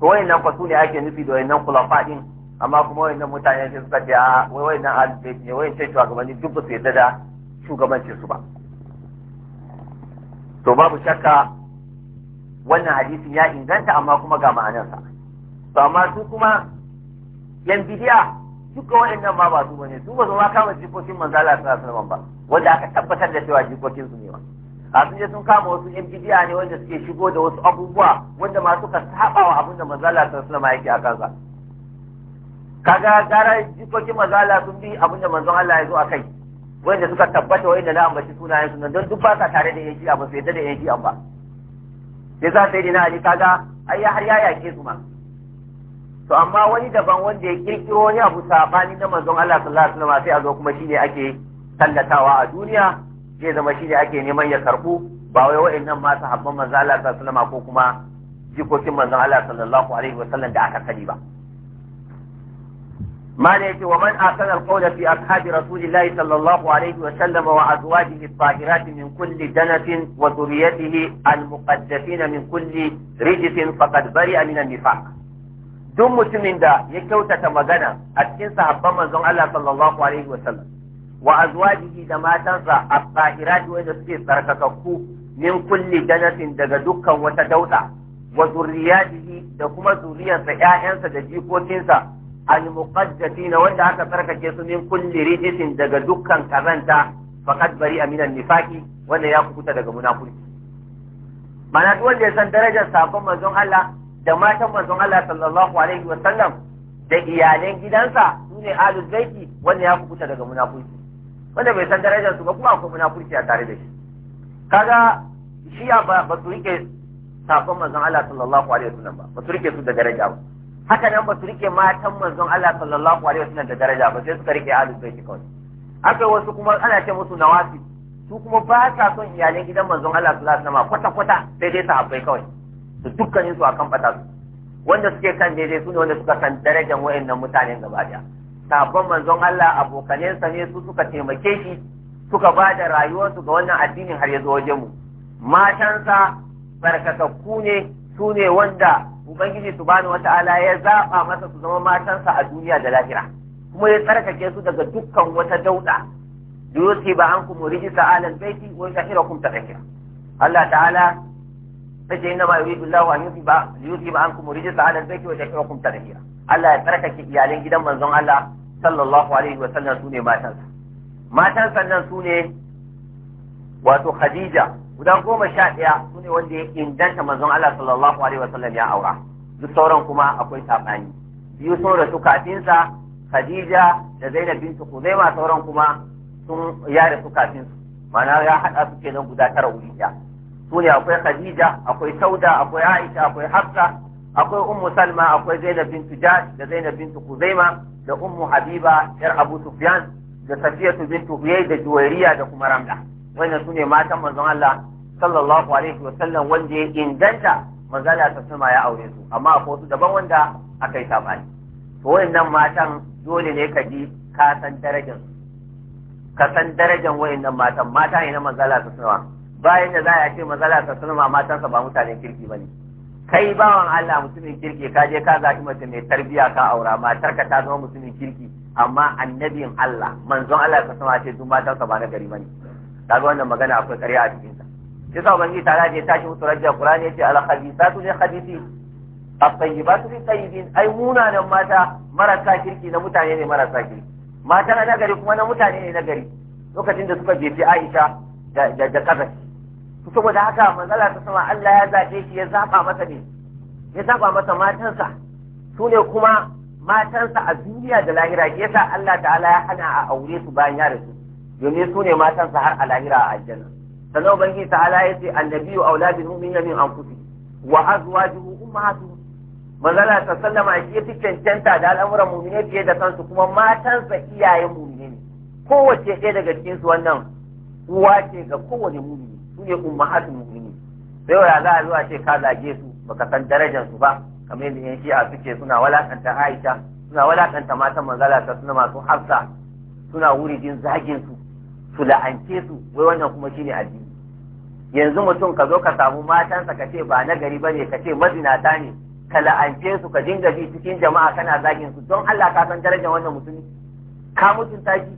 to nan fa ne ake nufi da nan kulafa din amma kuma nan mutane sai suka ce a wayan nan albayt ne wayannan shugabanni duk ba su yadda da shugabancin su ba to babu shakka wannan hadisin ya inganta amma kuma ga ma'anarsa to amma su kuma yan bidiya duka nan ma ba su bane su ba su ma kama jikokin manzala sallallahu alaihi wasallam ba wanda aka tabbatar da cewa jikokin su ne ba kafin da sun kama wasu yan bidiya ne wanda suke shigo da wasu abubuwa wanda ma suka saba wa abin da manzala sun suna yake a kansa kaga gara jikokin manzala sun bi abin da manzon Allah ya zo a kai wanda suka tabbata wa inda na ambaci sunayen su don duk ba sa tare da yanki ba sai yadda da yanki ba za sai dina ali kaga ai har ya yake su ma to amma wani daban wanda ya kirkiro wani abu sabani na manzon Allah sallallahu alaihi wasallam sai a zo kuma shine ake tallatawa a duniya Jiya zama shi ake neman ya karbu ba wai wa'in nan masu habban manzo Allah sallallahu ko kuma jikokin manzo Allah sallallahu alaihi wasallam da aka kadi ba mala yake wa man asana alqawla fi ashabi rasulillahi sallallahu alaihi wasallam wa azwajihi at min kulli danatin wa dhurriyyatihi almuqaddasina min kulli rijtin faqad bari'a min an-nifaq duk mutumin da ya kyautata magana a cikin sahabban manzon Allah sallallahu alaihi wasallam wa azwajihi da matansa as-sa'irat wanda suke tsarkakakku min kulli janatin daga dukkan wata dauda wa zurriyatihi da kuma zuriyarsa ƴaƴansa da jikokinsa al-muqaddatina wanda aka tsarkake su min kulli rijisin daga dukkan karanta faqad bari amina nifaki wanda ya kubuta daga munafiki mana duk wanda ya san darajar sakon manzon Allah da matan manzon Allah sallallahu alaihi wa sallam da iyalan gidansa sune ahlul baiti wanda ya kubuta daga munafiki wanda bai san darajar su ba kuma akwai munafurci a tare da shi kaga shi ya ba su rike sabon manzon Allah sallallahu alaihi wasallam ba ba su rike su da daraja ba haka nan ba su rike matan manzon Allah sallallahu alaihi wasallam da daraja ba sai suka rike ahlul baiti kawai akwai wasu kuma ana ce musu nawasi su kuma ba sa son iyalin gidan manzon Allah sallallahu alaihi wasallam kwata kwata sai dai sahabbai kawai su dukkanin su akan fata su wanda suke kan daidai su ne wanda suka san darajar wayannan mutanen gaba daya sabon manzon Allah abokanensa ne su suka taimake shi suka ba da rayuwarsu ga wannan addinin har ya zo wajen mu matansa barkatakku ne su ne wanda ubangiji subhanahu wata'ala ya zaba masa su zama matansa a duniya da lahira kuma ya tsarkake su daga dukkan wata dauda yusi ba an kuma rijisa alal baiti wa yahirakum tadhkira Allah ta'ala sai inna ma yuridu Allah an yusi ba yusi ba an kuma rijisa alal baiti wa yahirakum tadhkira Allah ya tsarkake iyalan gidan manzon Allah sallallahu alaihi wa sallam ne matansa matan sannan sune wato Khadija guda goma sha ɗaya sune wanda ya inganta manzon Allah sallallahu alaihi ya aura duk sauran kuma akwai sabani biyu sun rasu kafinsa Khadija da Zainab bintu Khuzaima sauran kuma sun ya rasu kafinsu ma'ana ya haɗa su kenan guda tara wuri ɗaya sune akwai Khadija akwai Sauda akwai Aisha akwai Hafsa akwai ummu salma akwai zainab bintu jahsh da zainab bintu kuzaima da ummu habiba yar abu sufyan da safiyatu bintu huyay da juwairiya da kuma ramla wannan sune matan manzon Allah sallallahu alaihi wa sallam wanda ya inganta manzala ta sama ya aure su amma akwai wasu daban wanda aka yi sabani to wayannan matan dole ne ka ji ka san darajar ka san darajar wayannan matan mata ne na mazala ta sama bayan da za a ce mazala ta sama matansa ba mutanen kirki bane kai bawan Allah mutumin kirki ka je ka zaɓi mace mai tarbiya ka aura matar ka ta zama mutumin kirki amma annabin Allah manzon Allah ka sama ce duk matan ka ba na gari bane kaga wannan magana akwai ƙarya a cikin sa yasa ubangiji ta je tashi musu rajja qur'ani yace al khabithatu li khabithi at-tayyibatu li tayyibin ai munanan mata marasa kirki na mutane ne marasa kirki mata na nagari kuma na mutane ne na gari lokacin da suka jefi Aisha da da kazafi saboda haka manzala ta sama Allah ya zaɓe shi ya zaɓa masa ne ya zaɓa masa matansa su ne kuma matansa a duniya da lahira ya sa Allah ta'ala ya hana a aure su bayan ya rasu domin su ne matansa har a lahira a aljanna sannan ubangiji ta'ala ya ce annabiyu auladin yamin an anfusi wa azwajuhu ummahatuhum manzala ta sallama shi ya fi cancanta da al'amuran mu'mini fiye da kansu kuma matansa iyayen mu'mini ne kowace ɗaya daga cikinsu wannan uwa ce ga kowane mu'mini su ne ummahatul mu'minin sai wa za a zo a ce ka zage su baka san darajar su ba kamar yadda yan shi'a suke suna walakanta Aisha suna walakanta matan manzala ta suna masu hafsa suna wuridin zagin su su la'ance su wai wannan kuma shine addini yanzu mutum ka zo ka samu matansa ka ce ba na gari ne ka ce mazinata ne ka la'ance su ka dinga bi cikin jama'a kana zagin su don Allah ka san darajar wannan mutumi ka mutunta shi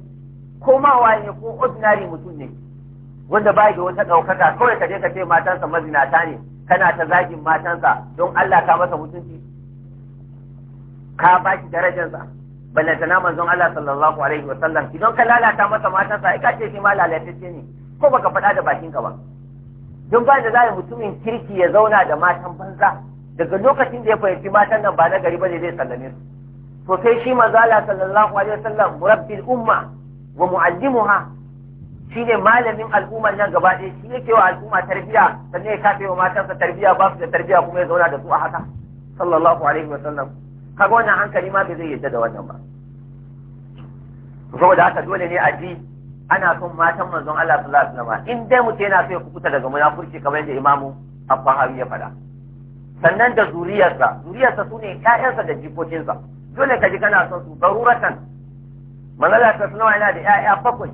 ko ma waye ko ordinary mutum ne wanda ba da wata ɗaukaka kawai ka je ka ce matansa mazinata ne kana ta zagin matansa don Allah ka masa mutunci ka ba shi darajarsa ballantana manzon Allah sallallahu alaihi wa sallam idan ka lalata masa matansa ai ka ce shi ma lalatacce ne ko baka faɗa da bakinka ba don ba da za mutumin kirki ya zauna da matan banza daga lokacin da ya fahimci matan nan ba na gari bane zai sallame su to sai shi manzo Allah sallallahu alaihi wa sallam murabbil umma wa muallimuha shine malamin al'ummar nan gaba ɗaya shi yake wa al'umma tarbiya sannan ya kafe wa matansa tarbiya ba su da tarbiya kuma ya zauna da su a haka sallallahu alaihi wa sallam kaga wannan hankali ma bai zai yadda da wannan ba saboda haka dole ne a ji ana son matan manzon Allah sallallahu alaihi sallam in dai mutum yana so ya kubuta daga munafurci kamar yadda imamu abu ya faɗa sannan da zuriyarsa zuriyarsa sune ƴaƴansa da jikokinsa dole ka ji kana son su daruratan manzon Allah sallallahu alaihi yana da ƴaƴa bakwai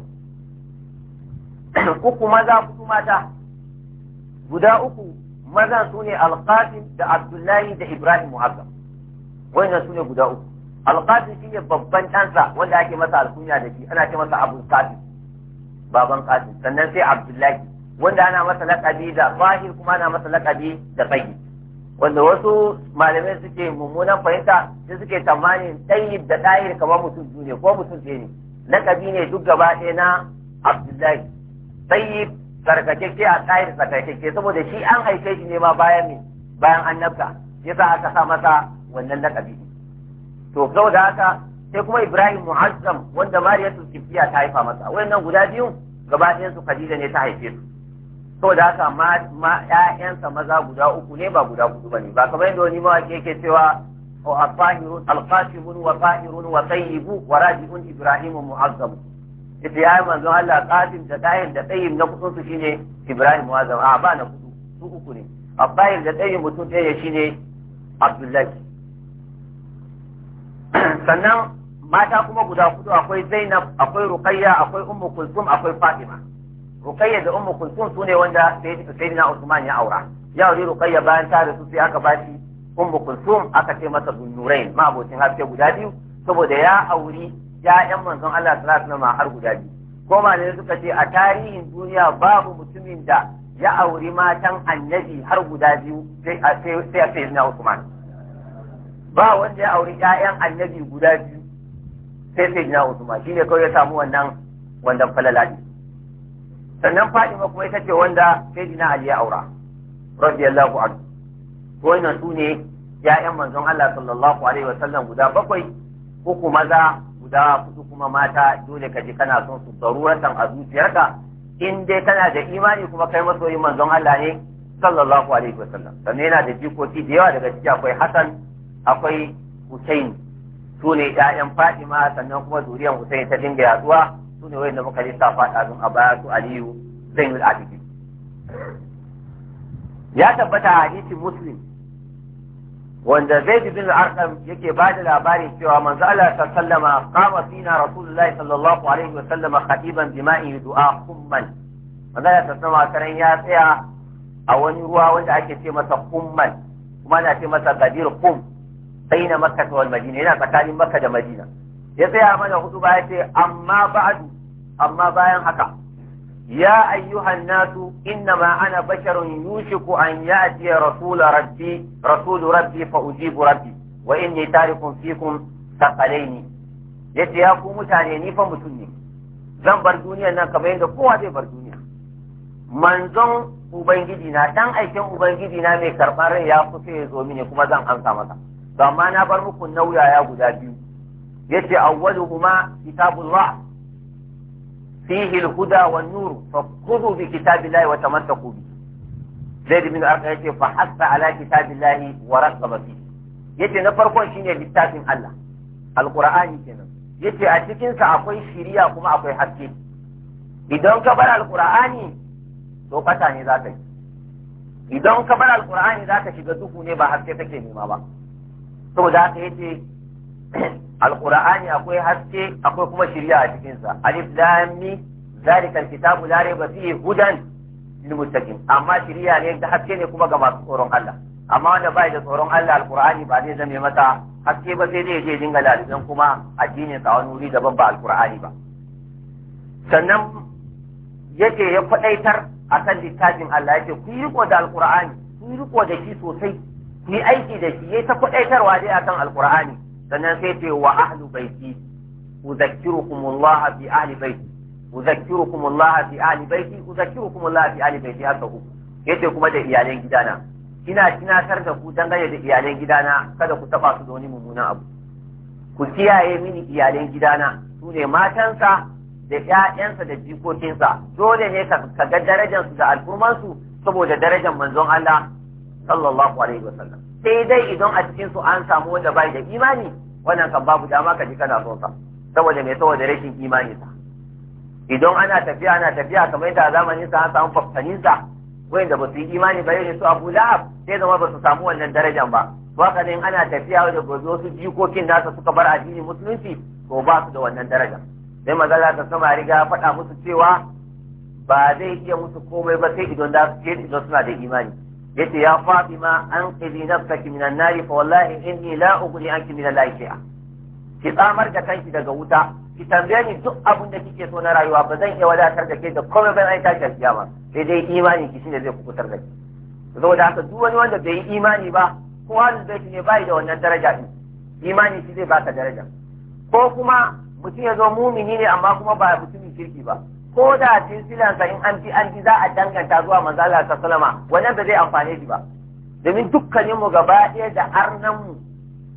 uku maza hudu mata guda uku mazan su ne alƙasim da abdullahi da ibrahim muhazzam wannan su ne guda uku alƙasim shi ne babban ɗansa wanda ake masa alkunya da shi ana ce masa abu qasim baban qasim sannan sai abdullahi wanda ana masa laƙabi da zahir kuma ana masa laƙabi da tsayi wanda wasu malamai suke mummunan fahimta sai suke tamanin tsayi da ɗahir kamar mutum biyu ne ko mutum ɗaya ne laƙabi ne duk gaba ɗaya na abdullahi tayyib tsarkakeke a tsayir tsarkakeke saboda shi an haife shi ne ma bayan ne bayan annabta sa aka sa masa wannan lakabi to saboda haka sai kuma Ibrahim Muhazzam wanda Mariya su kifiya ta haifa masa wayannan guda biyu gaba ɗayan su Khadija ne ta haife su saboda haka ma ma ƴaƴansa maza guda uku ne ba guda hudu bane ba kamar yadda wani mawaƙi yake cewa wa al wa tahirun wa tayyibu wa raji'un Ibrahim Muhazzam. ita ya yi manzon Allah kafin da tayyib da tsayin na kudin su shine Ibrahim wa zama a ba na kudu su uku ne abbayin da tsayin mutum ɗaya shine Abdullahi sannan mata kuma guda kudu akwai Zainab akwai Ruqayya akwai Ummu Kulsum akwai Fatima Ruqayya da Ummu Kulsum sune wanda Sayyidina Usman ya aura ya aure Ruqayya bayan ta su sai aka bashi Ummu Kulsum aka ce masa Dunnurain ma abokin haske guda biyu saboda ya auri ya'yan manzon Allah sallallahu alaihi wasallam har guda biyu ko ne suka ce a tarihin duniya babu mutumin da ya auri matan annabi har guda biyu sai a sai na Usman ba wanda ya auri 'ya'yan annabi guda biyu sai sai na Usman shine kawai ya samu wannan wannan ne? sannan Fatima kuma ita ce wanda sai na Ali ya aura radiyallahu anhu ko su ne ya'yan manzon Allah sallallahu alaihi wasallam guda bakwai uku maza guda kudu kuma mata dole ka ji kana son su zaruratan a zuciyarka in dai kana da imani kuma kai masoyin manzon Allah ne sallallahu alaihi wasallam sannan yana da jikoki da yawa daga ciki akwai Hassan akwai Hussein su ne ƴaƴan Fatima sannan kuma zuriyar Hussein ta dinga yaduwa su ne wayanda muka lissafa ɗazun a baya su Aliyu Zainul Abidin ya tabbata a hadisi Muslim wanda zaid bin arqam yake ba da labari cewa manzo Allah ta sallama qama fina rasulullahi sallallahu alaihi wa sallam khatiban bima'i du'a kumman manzo Allah ta sallama karan ya tsaya a wani ruwa wanda ake ce masa kumman kuma ana ce masa gadir kum baina makka wal madina yana tsakanin makka da madina ya tsaya mana hudu ba ya ce amma ba'du amma bayan haka يا أيها الناس إنما أنا بشر يوشك أن يأتي رسول ربي رسول ربي فأجيب ربي وإني تارك فيكم ثقلين yace ya ku mutane ni fa mutum ne zan bar duniyar nan kamar yadda kowa zai bar duniya manzon ubangiji na dan aikin ubangiji na mai karɓar rai ya kusa ya zo mini kuma zan amsa masa to na bar muku nauyaya guda biyu yace awwaluhuma kitabullah فيه الهدى والنور فخذوا بكتاب الله وتمسكوا به زيد بن أرقم فحث على كتاب الله ورغب فيه yace na farkon shine littafin Allah alqur'ani kenan yace a cikin akwai shiriya kuma akwai haske idan ka bar alqur'ani to fata ne zaka yi idan ka bar alqur'ani zaka shiga duhu ne ba haske kake nema ba saboda haka yace alqur'ani akwai haske akwai kuma shiriya a cikin sa alif lam mim zalikal kitabu la rayba fihi hudan lil muttaqin amma shirya ne da haske ne kuma ga masu tsoron Allah amma wanda bai da tsoron Allah alqur'ani ba zai zame mata haske ba sai dai je dinga laliban kuma addinin sa wani wuri daban ba alqur'ani ba sannan yake ya kwadaitar akan littafin Allah yake ku yi riko da alqur'ani ku yi riko da shi sosai ku yi aiki da shi yayi ta kwadaitarwa dai akan alqur'ani sannan sai ce wa ahlu baiti uzakkirukum Allah fi ahli baiti uzakkirukum Allah fi ahli baiti uzakkirukum Allah fi ahli baiti haka ku yace kuma da iyalan gidana ina tunatar da ku dangane da iyalan gidana kada ku taba su da wani mummunan abu ku kiyaye mini iyalan gidana su ne matansa da ƴaƴansa da jikokinsa dole ne ka ga darajarsu da al'ummarsu saboda darajar manzon Allah sallallahu alaihi wasallam sai dai idan a cikin su an samu wanda bai da imani wannan kan babu dama ka ji kana son sa saboda mai saboda rashin imani sa idan ana tafiya ana tafiya kamar yadda zamanin sa an samu fafanin sa wanda ba su yi imani ba irin su Abu Lahab sai zama ba su samu wannan darajan ba waka ne ana tafiya wanda ba zo su jikokin nasa suka bar addinin musulunci to ba su da wannan daraja sai maza ta sama riga faɗa musu cewa ba zai iya musu komai ba sai idan da su idan suna da imani yace ya Fatima an qidi nafsaki minan nari fa wallahi inni la ughni anki min Allah ki tsamar da kanki daga wuta ki tambaye ni duk abin da kike so na rayuwa ba zan iya wadatar da ke da komai ban ai tashi kiyama sai dai imani ki shine zai kukutar da ki saboda haka duk wani wanda bai yi imani ba ko wani zai ne bai da wannan daraja din imani shi zai baka daraja ko kuma mutum ya zo mumini ne amma kuma ba mutumin kirki ba ko da silsilansa in an fi an fi za a danganta zuwa manzo Allah salama wannan ba zai amfane shi ba domin dukkaninmu gaba ɗaya da arnanmu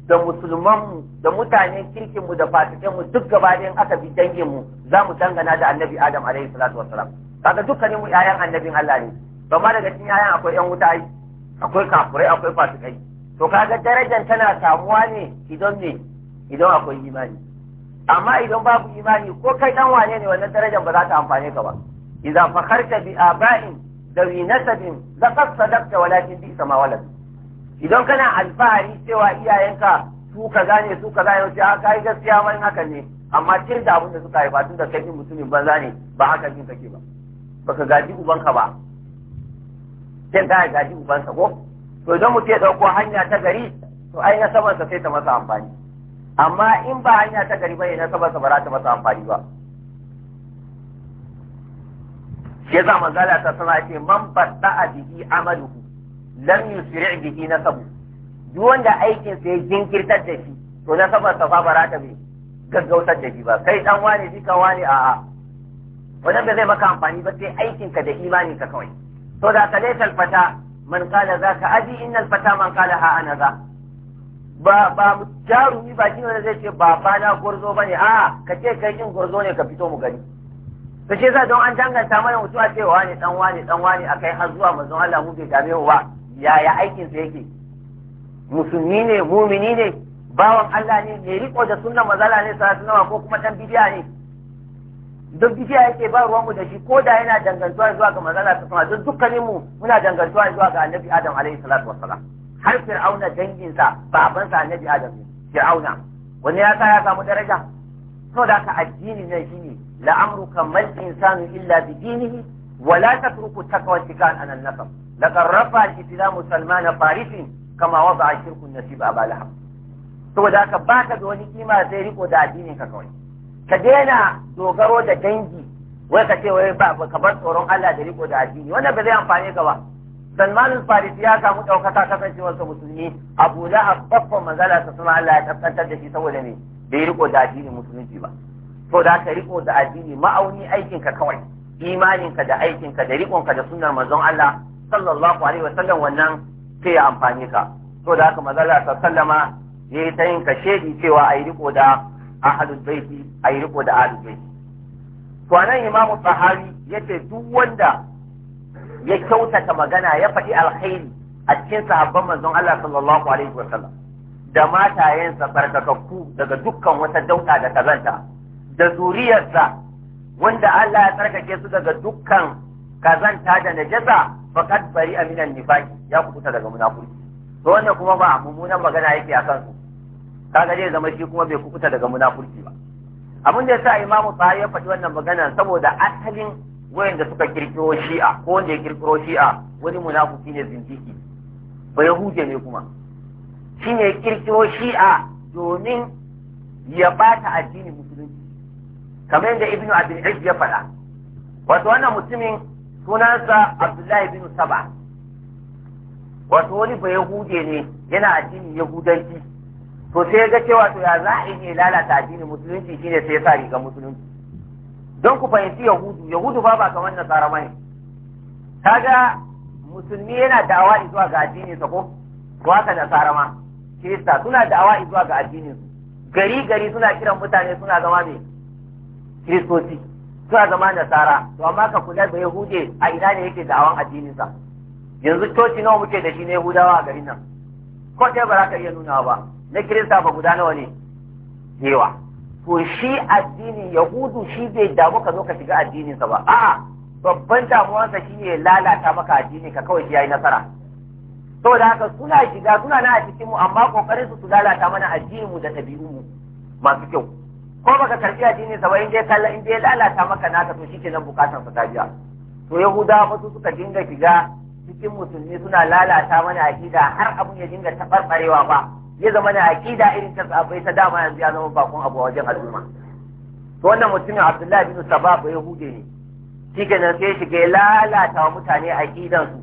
da musulmanmu da mutanen kirkinmu da fasikinmu duk gaba in aka bi danginmu za mu dangana da annabi adam alaihi salatu wassalam kaga dukkaninmu ƴaƴan annabin Allah ne ma daga cikin ƴaƴan akwai ƴan wuta ai akwai kafurai akwai fasikai to kaga darajar tana samuwa ne idan ne idan akwai imani amma idan babu imani ko kai dan wane ne wannan darajar ba za ta amfane ka ba idan fakarta bi aba'in wi nasabin laqad sadaqta walakin bi sama walad idan kana alfahari cewa iyayenka su kaza ne su kaza ne sai kai gaskiya mai hakan ne amma cin da abin da suka haifa tun da kai mutumin banza ne ba haka jin kake ba baka gaji ubanka ba sai ka gaji ubanka ko to idan mutum ya dauko hanya ta gari to ai na saman sa sai ta masa amfani amma in ba hanya ta gari bane na saba barata ta masa amfani ba shi yasa manzala ta sana ce man a jiki amaluhu lam yusri bihi nasabu duk wanda aikin sa ya jinkirtar da shi to na saba safa bara ta bai gaggautar da shi ba kai dan wane shi ka wane a'a wannan da zai maka amfani ba sai aikin ka da imani ka kawai to da ka laifin fata man kala za ka aji innal fata man kala ha ana za ba ba jarumi ba kina zai ce ba na gwarzo ba ne a ka ce kai yin gwarzo ne ka fito mu gani ka ce sa don an danganta mana a ce wani dan wani dan wani a kai har zuwa manzon Allah mu bai dame ba yaya aikin sa yake musulmi ne mumini ne bawan Allah ne mai riko da sunna mazala ne salatu nawa ko kuma dan bidiya ne duk bidiya yake ba ruwan mu da shi ko da yana dangantuwa zuwa ga mazala ta sama dukkanin mu muna dangantuwa zuwa ga annabi Adam alaihi salatu wassalam har fir'auna danginsa babansa annabi adam fir'auna wani ya sa ya samu daraja to da ka addini ne shine la'amru amruka mal insanu illa bi dinihi wa la tatruku taqwa tikan anan nasab laqad rafa islamu salmana farisin kama wada shirku nasib abalaham to da ka baka da wani kima sai riko da addinin ka kawai ka daina dogaro da dangi wai ka ce wai ba ka bar tsoron Allah da riko da addini wannan ba zai amfane ka ba Salman al-Farisi ya samu ɗaukaka kasancewar sa musulmi Abu Lahab babban manzala ta sama Allah ya kaskantar da shi saboda me bai riko da addinin musulunci ba to da ka riko da addini ma'auni aikinka kawai imaninka da aikinka da rikonka da sunnar manzon Allah sallallahu alaihi wasallam wannan sai ya amfani ka to da haka manzala ta sallama yayi ta yin ka shedi cewa ayi riko da ahlul baiti ayi riko da ahlul baiti to anan imamu sahabi yace duk wanda ya kyautata magana ya faɗi alkhairi a cikin sahabban manzon Allah sallallahu alaihi wa sallam da matayensa barkakakku daga dukkan wata dauka da kazanta da zuriyarsa wanda Allah ya tsarkake su daga dukkan kazanta da najasa faqad bari aminan nifaki? ya kubuta daga munafiki to wanda kuma ba mummunan magana yake akan su kaga zai zama shi kuma bai kubuta daga munafurci ba abin da yasa imamu sahih ya faɗi wannan magana saboda asalin wayanda suka kirkiro shi'a ko wanda ya kirkiro shi'a wani munafiki ne zindiki ba yahudiya ne kuma shi ne kirkiro shi'a domin ya bata addini musulunci kamar yadda ibn abin ish ya faɗa wato wannan mutumin sunansa abdullahi bin saba wato wani ba yahudiya ne yana addinin yahudanci to sai ga cewa to ya za a ne lalata addinin musulunci shine sai ya sa riga musulunci don ku fahimci yahudu yahudu ba ba kamar nasara mai kaga musulmi yana da'awa zuwa ga addinin sa ko to haka nasara ma kirista suna da'awa zuwa ga addinin su gari gari suna kiran mutane suna zama mai kiristoci suna zama nasara to amma ka kula da yahude a ina ne yake da'awan addinin sa yanzu coci nawa muke da shi na yahudawa a garin nan ko dai ba za ka iya nuna ba na kirista ba guda nawa ne yawa to shi addini yahudu shi bai damu ka zo ka shiga addininsa ba a'a babban damuwarsa shi ne lalata maka addini ka kawai shi yayi nasara saboda haka suna shiga suna na a cikin mu amma kokarin su su lalata mana addini mu da tabi'u mu masu kyau ko baka karbi addinin sa ba in dai kalla in dai lalata maka naka to shikenan bukatar sa ta biya to yahudawa wasu suka dinga shiga cikin musulmi suna lalata mana aqida har abun ya dinga tabarbarewa ba ya zama na aqida irin ta tsafai ta dama yanzu ya zama bakon abu a wajen al'umma to wannan mutumin Abdullahi bin Sabah ya hude ne nan sai shiga ya lalata wa mutane aqidan su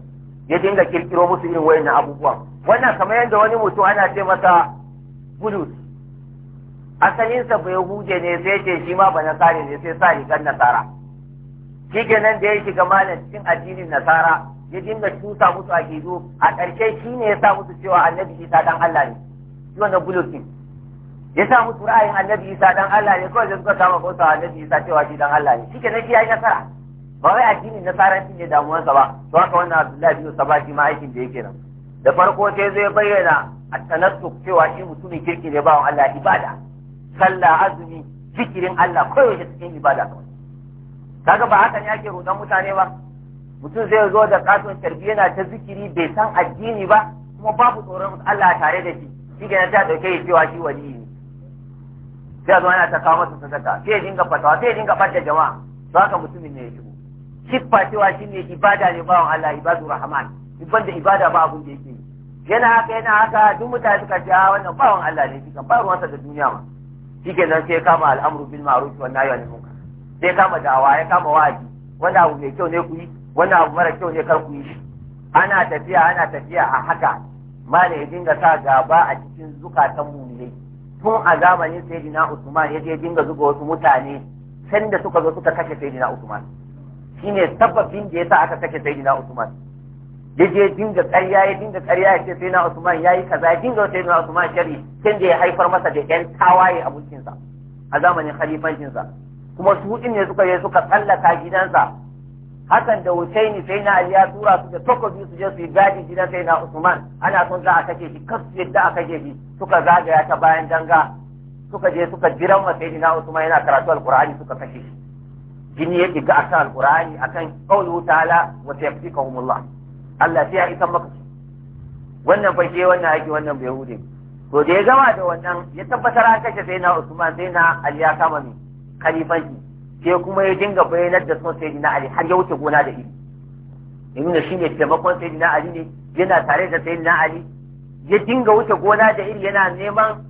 ya dinga kirkiro musu irin wayannan abubuwa wannan kamar yadda wani mutum ana ce masa gudus asalinsa bai ne sai ce shi ma ba nasare ne sai sa rigar nasara nan da ya shiga malam cikin addinin nasara ya dinga cusa musu aqidu a ƙarshe shi ne ya sa musu cewa annabi isa dan Allah ne shi wannan bulokin. ya sa musu ra'ayin annabi isa dan Allah ne kawai da suka kama ko sa annabi isa cewa shi dan Allah ne shi ke nashi yayi nasara ba wai addinin nasaranci ne sa ba to haka wannan Abdullahi bin Saba ma aikin da yake nan da farko sai zai bayyana a tanassuk cewa shi mutumin kirki ne wa Allah ibada sallah azumi fikirin Allah shi cikin ibada kawai kaga ba haka ne ake rudan mutane ba mutum zai zo da kasuwan tarbiyya yana ta zikiri bai san addini ba kuma babu tsoron Allah tare da shi shi kenan ta dauke yi cewa shi wali ne sai a zo ana ta kawo masa sadaka sai ya dinga fatawa sai ya dinga ɓata jama'a to haka mutumin ne ya shigo siffa cewa shi ne ibada ne bawan Allah ibadu rahman ibban da ibada ba abun da yake yana haka yana haka duk mutane suka ce a ah, wannan bawan Allah ne shi kan ba ruwansa da duniya ma shi nan sai ya kama al'amuru bil ma'ruf wa nahyi anil munkar sai kama da'awa ya kama wa'azi wanda abu mai kyau ne ku yi wanda abu mara kyau ne kar ku yi ana tafiya ana tafiya a haka mala ya dinga sa gaba a cikin zukatan mu'minai tun a zamanin sayyidina Usman ya je dinga zuga wasu mutane da suka zo suka kashe sayyidina Usman shine sababin da yasa aka kashe sayyidina Usman ya je dinga ƙarya ya dinga ƙarya ya ce sayyidina Usman yayi kaza ya dinga sayyidina Usman shari kin da ya haifar masa da ƴan tawaye a mulkin sa a zamanin khalifancin sa kuma su ne suka je suka tsallaka gidansa hakan da Husaini sai na Ali ya tura su da takobi su je su yi gadi gidan sai na Usman ana son za a kashe shi kas yadda a kashe shi suka zagaya ta bayan danga suka je suka jiran wa sai na Usman yana karatu alqur'ani suka kashe shi jini ya diga akan alqur'ani akan qawlu ta'ala wa sayfikahumullah Allah sai ya isa maka wannan fa ke wannan aiki wannan bai hude to da ya gama da wannan ya tabbatar an kashe sai na Usman sai na Ali ya kama ni khalifanci sai kuma ya dinga bayanar da son na ali har ya wuce gona da ido ibn shi ne taimakon na ali ne yana tare da na ali ya dinga wuce gona da iri yana neman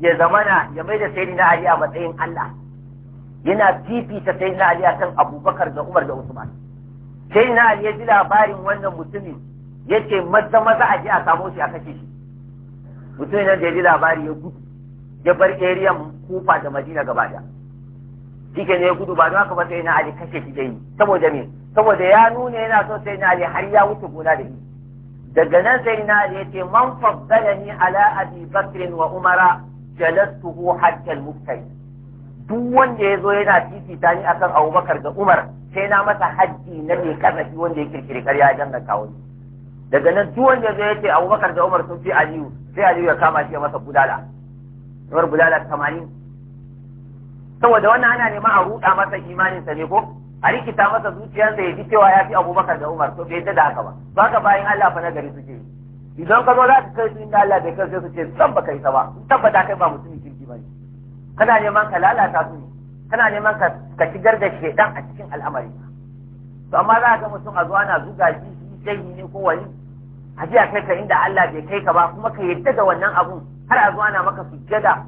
ya zamana ya mai da na ali a matsayin Allah yana fifita na ali akan Abubakar da Umar da Usman na ali ya ji labarin wannan mutumin yake maza maza a je a samo shi a kashe shi mutumin nan da ya ji labari ya gudu ya bar area kufa da Madina gaba daya shike ne gudu ba haka ba sai na ali kashe shi dai saboda me saboda ya nuna yana so sai na ali har ya wuce gona da shi daga nan sai na ali yace man faddalani ala abi bakr wa umara jalastuhu hatta al-muftari duk wanda ya zo yana fifita ni akan abubakar da umar sai na masa hajji na mai karnafi wanda ya kirkiri karya dan da kawo daga nan duk wanda ya zo yace abubakar da umar sun fi aliyu sai aliyu ya kama shi ya masa bulala umar budala 80 saboda wannan ana neman a ruɗa masa imaninsa ne ko a rikita masa zuciyarsa ya ji cewa ya fi abubakar da umar to bai da haka ba ba ka bayan allah fa gari suke idan ka zo za ka kai su inda allah bai kai su ce san ba kai ta ba tabbata kai ba mutumin kirki ba ne kana neman ka lalata su ne kana neman ka shigar da shedan a cikin al'amari to amma za ka mutum a zo ana zuga shi shi ne ko wani a ji kai ka inda allah bai kai ka ba kuma ka yadda da wannan abun har a zo ana maka sujjada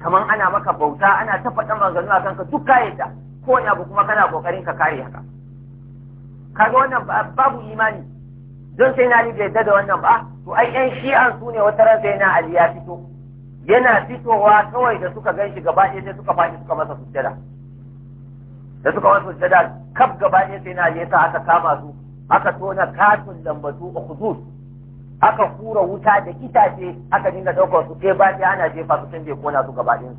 kamar ana maka bauta ana ta faɗa maganganu a kanka duk kaye ta ko wani abu kuma kana ƙoƙarin ka kare haka kaga wannan babu imani don sai na bai da wannan ba to ai yan shi'an su ne wata ran yana na ali ya fito yana fitowa kawai da suka gan shi gaba ɗaya sai suka faɗi suka masa sujjada da suka masa sujjada kaf gaba ɗaya sai na ali ya sa aka kama su aka tona katin lambatu ukhudud aka kura wuta da itace aka dinga daukar su ke ba ta ana jefa su canje kona su gaba ɗin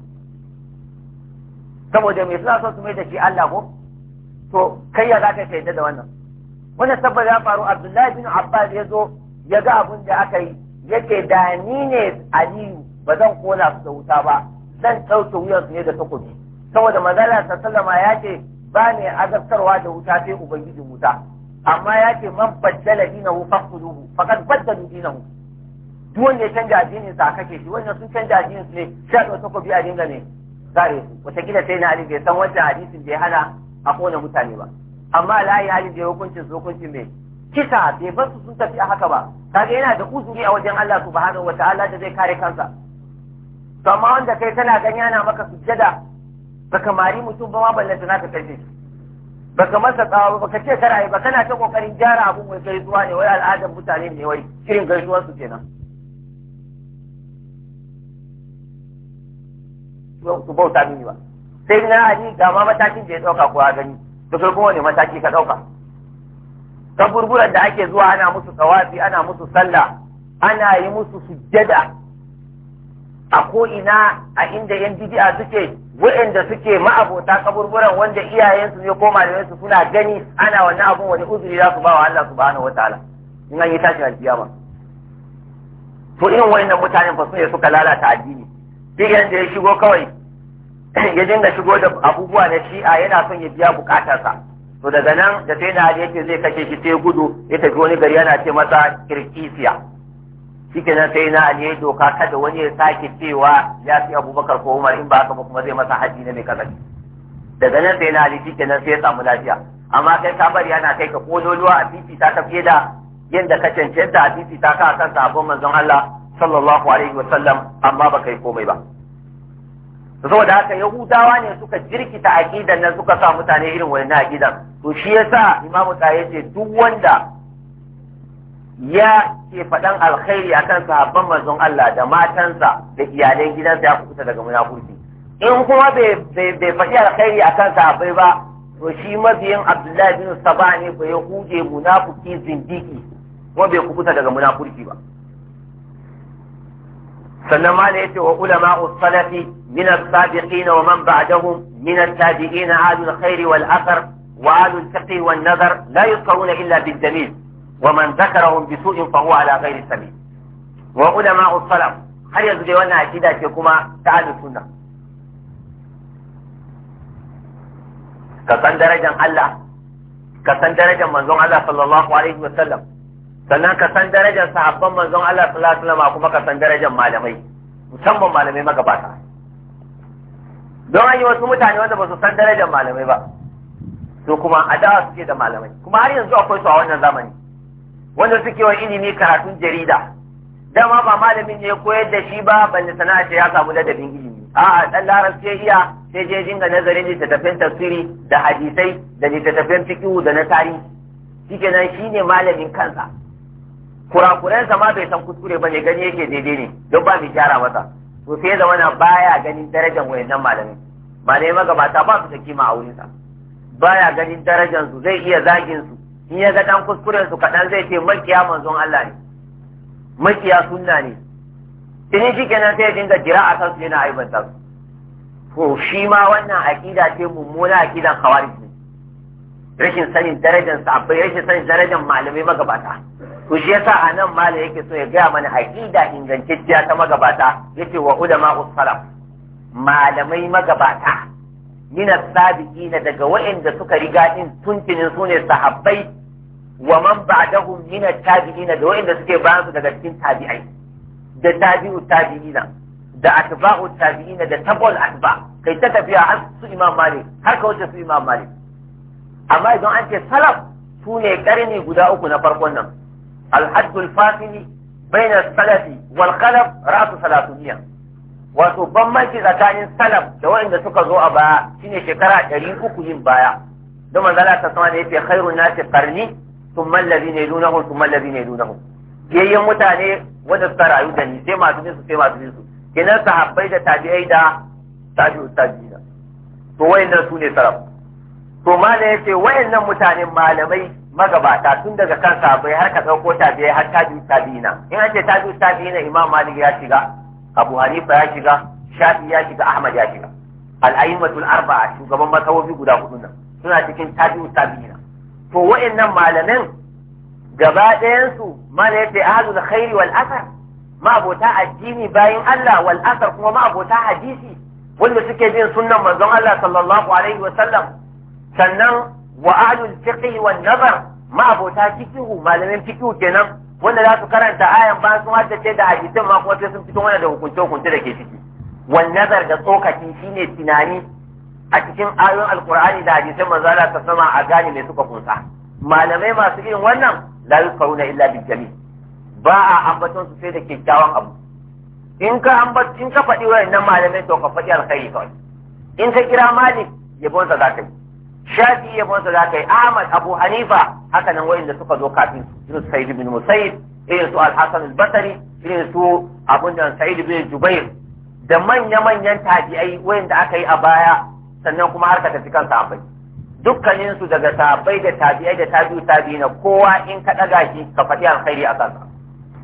saboda me suna son su mai da shi Allah ko to kai ya zaka shaida da wannan wannan tabbas ya faru Abdullahi bin Abbas ya zo ya ga abin da aka yi yake da ni ne Aliyu ba zan kona su da wuta ba zan ɗauke wuyan su ne da takobi saboda manzala sallama ya ce ba ne azabtarwa da wuta sai ubangijin wuta amma ya ce man baddala dinahu faquluhu faqad baddalu dinahu duk wanda ya canja addinin sa kake shi wannan sun canja addinin su ne sha da suka bi a dinga ne kare su wata kila sai na ali bai san wancan hadisin bai hana a kona mutane ba amma layi ali bai hukuncin su hukuncin bai. kisa bai bar su sun tafi a haka ba kaga yana da uzuri a wajen Allah subhanahu wataala da zai kare kansa to amma wanda kai kana ganyana maka sujjada baka mari mutum ba ma ballanta naka karfe shi baka masa tsawo baka ce kana yi ba kana ta kokarin gyara abun mai gaisuwa ne wai al'adar mutane ne wai kirin gaisuwar su kenan su bauta mini ba sai na ani ga ma matakin da ya dauka a gani to kai ne mataki ka dauka kaburburan da ake zuwa ana musu tsawafi ana musu sallah ana yi musu sujjada a ko ina a inda yan bid'a suke da suke ma'abota kaburburan wanda iyayensu ne ko malamansu suna gani ana wannan abun wani uzuri za su ba wa Allah subhanahu wataala in an yi tashin alkiyama to irin wayannan mutanen fa suna suka lalata addini duk yanda ya shigo kawai ya dinga shigo da abubuwa na shi'a yana son ya biya bukatarsa to daga nan da sai na yake zai kashe shi sai gudu ya tafi wani gari yana ce masa kirkisiya shike nan sai na aliyai doka kada wani ya sake cewa ya fi abubakar ko umar in ba haka ba kuma zai masa haji na mai kasance daga nan sai na aliyai shike nan sai ya samu lafiya amma kai ka bari yana kai ka kololuwa a titi ta tafiye da yadda ka cancanta a titi ta ka kan sabon manzon Allah sallallahu alaihi wa sallam amma ba kai komai ba saboda haka yahudawa ne suka jirkita aqidan nan suka sa mutane irin wannan aqidan to shi yasa imamu ta yace duk wanda ya ke faɗan alkhairi akan sahabban manzon Allah da matansa da iyalan gidansa ya kusa daga munafurci in kuma bai faɗi alkhairi akan sahabbai ba to shi mabiyin Abdullahi bin Saba ne ko ya huje munafiki zindiki kuma bai kusa daga munafurci ba sannan ma ne yace wa ulama salafi min as-sabiqin wa man ba'dahum min at-tabi'in ahlul khairi wal athar wa ahlul taqi wan nazar la yusawuna illa bil jamil ومن ذكرهم بسوء فهو على غير السبيل وعلماء السلف har yanzu dai wannan akida ce kuma ta ahlus sunna ka san darajar Allah ka san darajar manzon Allah sallallahu alaihi wasallam sannan ka san darajar sahabban manzon Allah sallallahu alaihi wasallam kuma ka san darajar malamai musamman malamai magabata don an yi wasu mutane wanda ba su san darajar malamai ba to kuma adawa suke da malamai kuma har yanzu akwai su a wannan zamani wanda suke wa ilimi karatun jarida dama ba malamin ne koyar da shi ba balle sana'a ce ya samu ladabin ilimi a'a dan larabci iya sai je jinga nazarin littattafan tafsiri da hadisai da littattafan fikihu da na tarihi shikenan shine malamin kansa kurakurensa ma bai san kuskure ba ne, gani yake daidai ne don ba mai gyara masa to sai da wani baya ganin darajar wayannan malamin malamai magabata ba su da kima a wurinsa baya ganin darajar su zai iya zagin su in ya ga dan kuskuren su kaɗan zai ce makiya manzon Allah ne makiya sunna ne tuni shi kenan sai ya dinga jira a kansu yana aibanta su to shi ma wannan aƙida ce mummuna aƙidan khawarij ne rashin sanin darajar sahabbai rashin sanin darajar malamai magabata to shi yasa anan malam yake so ya gaya mana aƙida ingantacciya ta magabata yace wa ulama ussalaf malamai magabata min sabiqina daga waɗanda suka riga din tuntunin sune sahabbai wa man ba'dahum min at-tabi'ina da wa'inda suke bayan su daga cikin tabi'ai da tabi'u tabi'ina da atba'u tabi'ina da tabul atba kai ta tafiya har su imam malik har ka wuce su imam malik amma idan an ce salaf su ne karni guda uku na farkon nan al-hadd al-fasili bayna salafi wal khalaf ra'su salatuniya wato bambanci tsakanin salaf da wa'inda suka zo a baya shine shekara 300 yin baya don manzala ta sama da yake khairun nasi qarni ثم الذين يلونهم ثم الذين يلونهم yayyen mutane wanda suka rayu da ni sai masu bin su sai masu bin su kenan sahabbai da tabi'ai da tabi'u tabi'ina to wayannan su ne saraf to mala yace wayannan mutane malamai magabata tun daga kan sahabbai har ka dauko tabi'ai har tabi'u tabi'ina in an ce tabi'u tabi'ina imam malik ya shiga abu hanifa ya shiga shafi ya shiga ahmad ya shiga al shugaban masawobi guda hudu suna cikin tabi'u to wa'annan malamin gaba ɗayansu mana yace ahlul khairi wal asar ma'abota addini bayan Allah wal asar kuma ma'abota hadisi wanda suke bin sunnan manzon Allah sallallahu alaihi wa sallam sannan wa ahlul fiqh wan nazar ma'abota fiqhu malamin fiqhu kenan wanda za su karanta ayan ba sun haddace da hadisin ma kuma sai sun fito wani da hukunce hukunce da ke ciki wan nazar da tsokaci shine tunani a cikin ayoyin alkur'ani da hadisan manzo Allah ta sama a gane me suka kunsa malamai masu yin wannan la yusfaruna illa bil jami ba a ambaton su sai da kyakkyawan abu in ka ambat in ka faɗi wayannan malamai to ka faɗi alkhairi kawai in ka kira malik yabon sa zaka yi shafi yabon sa zaka yi ahmad abu hanifa haka nan wayanda suka zo kafin su sa'id ibn musayyib irin su al-hasan al-basri irin su abun da sa'id ibn jubair da manya-manyan tabi'ai wayanda aka yi a baya sannan kuma har ka tafi kan sahabbai dukkanin su daga sahabbai da tabi'ai da tabi'u na kowa in ka daga shi ka faɗi alkhairi a kansa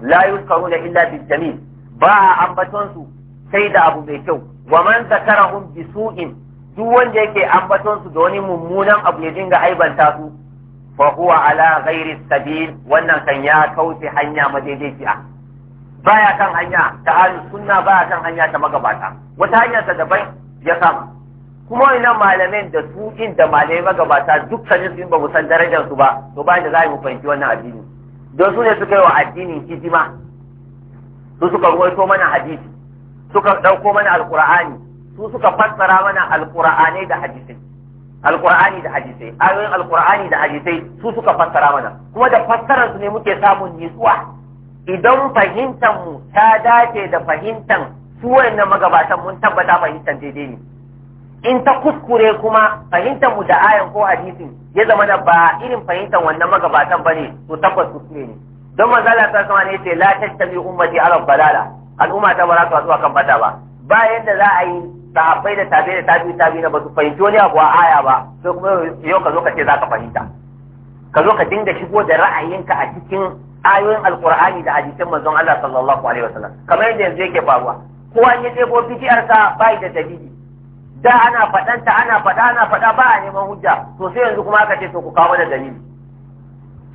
la yuzkaruna illa bil jamil ba a ambaton su sai da abu mai kyau wa man zakarahum bi su'in duk wanda yake ambaton su da wani mummunan abu ya dinga aibanta su fa huwa ala ghairi sabil wannan kan ya kauce hanya madaidaiciya baya kan hanya ta ahlus sunna baya kan hanya ta magabata wata hanyar ta daban ya kama kuma ina malamin da su inda malamai magabata dukkanin su ba mu san darajar su ba to ba da za mu fahimci wannan addini don su ne suka yi wa addinin hidima su suka ruwaito mana hadisi suka ɗauko mana alqur'ani su suka fassara mana alqur'ani da hadisai alqur'ani da hadisai ayoyin alqur'ani da hadisai su suka fassara mana kuma da fassarar su ne muke samun nitsuwa idan fahimtar mu ta dace da fahimtar su wayannan magabatan mun tabbata fahimtar daidai ne in ta kuskure kuma fahimtar mu da ayan ko hadisin ya zama da ba irin fahimtar wannan magabatan bane to tabbas kuskure ne don manzo Allah ta kama ne ce la tattabi ummati ala balala al'umma ta bara su zuwa kan bata ba ba yadda za a yi sahabbai da tabi da tabi tabi na ba su fahimci wani abu a aya ba sai kuma yau ka zo ka ce za ka fahimta ka zo ka dinga shigo da ra'ayinka a cikin ayoyin alkur'ani da hadisin manzon Allah sallallahu alaihi wasallam kamar yadda yanzu yake faruwa kowa ya ɗebo bidiyar ka bai da dalili da ana faɗanta ana faɗa ana faɗa ba a neman hujja to sai yanzu kuma aka ce to ku kawo mana dalili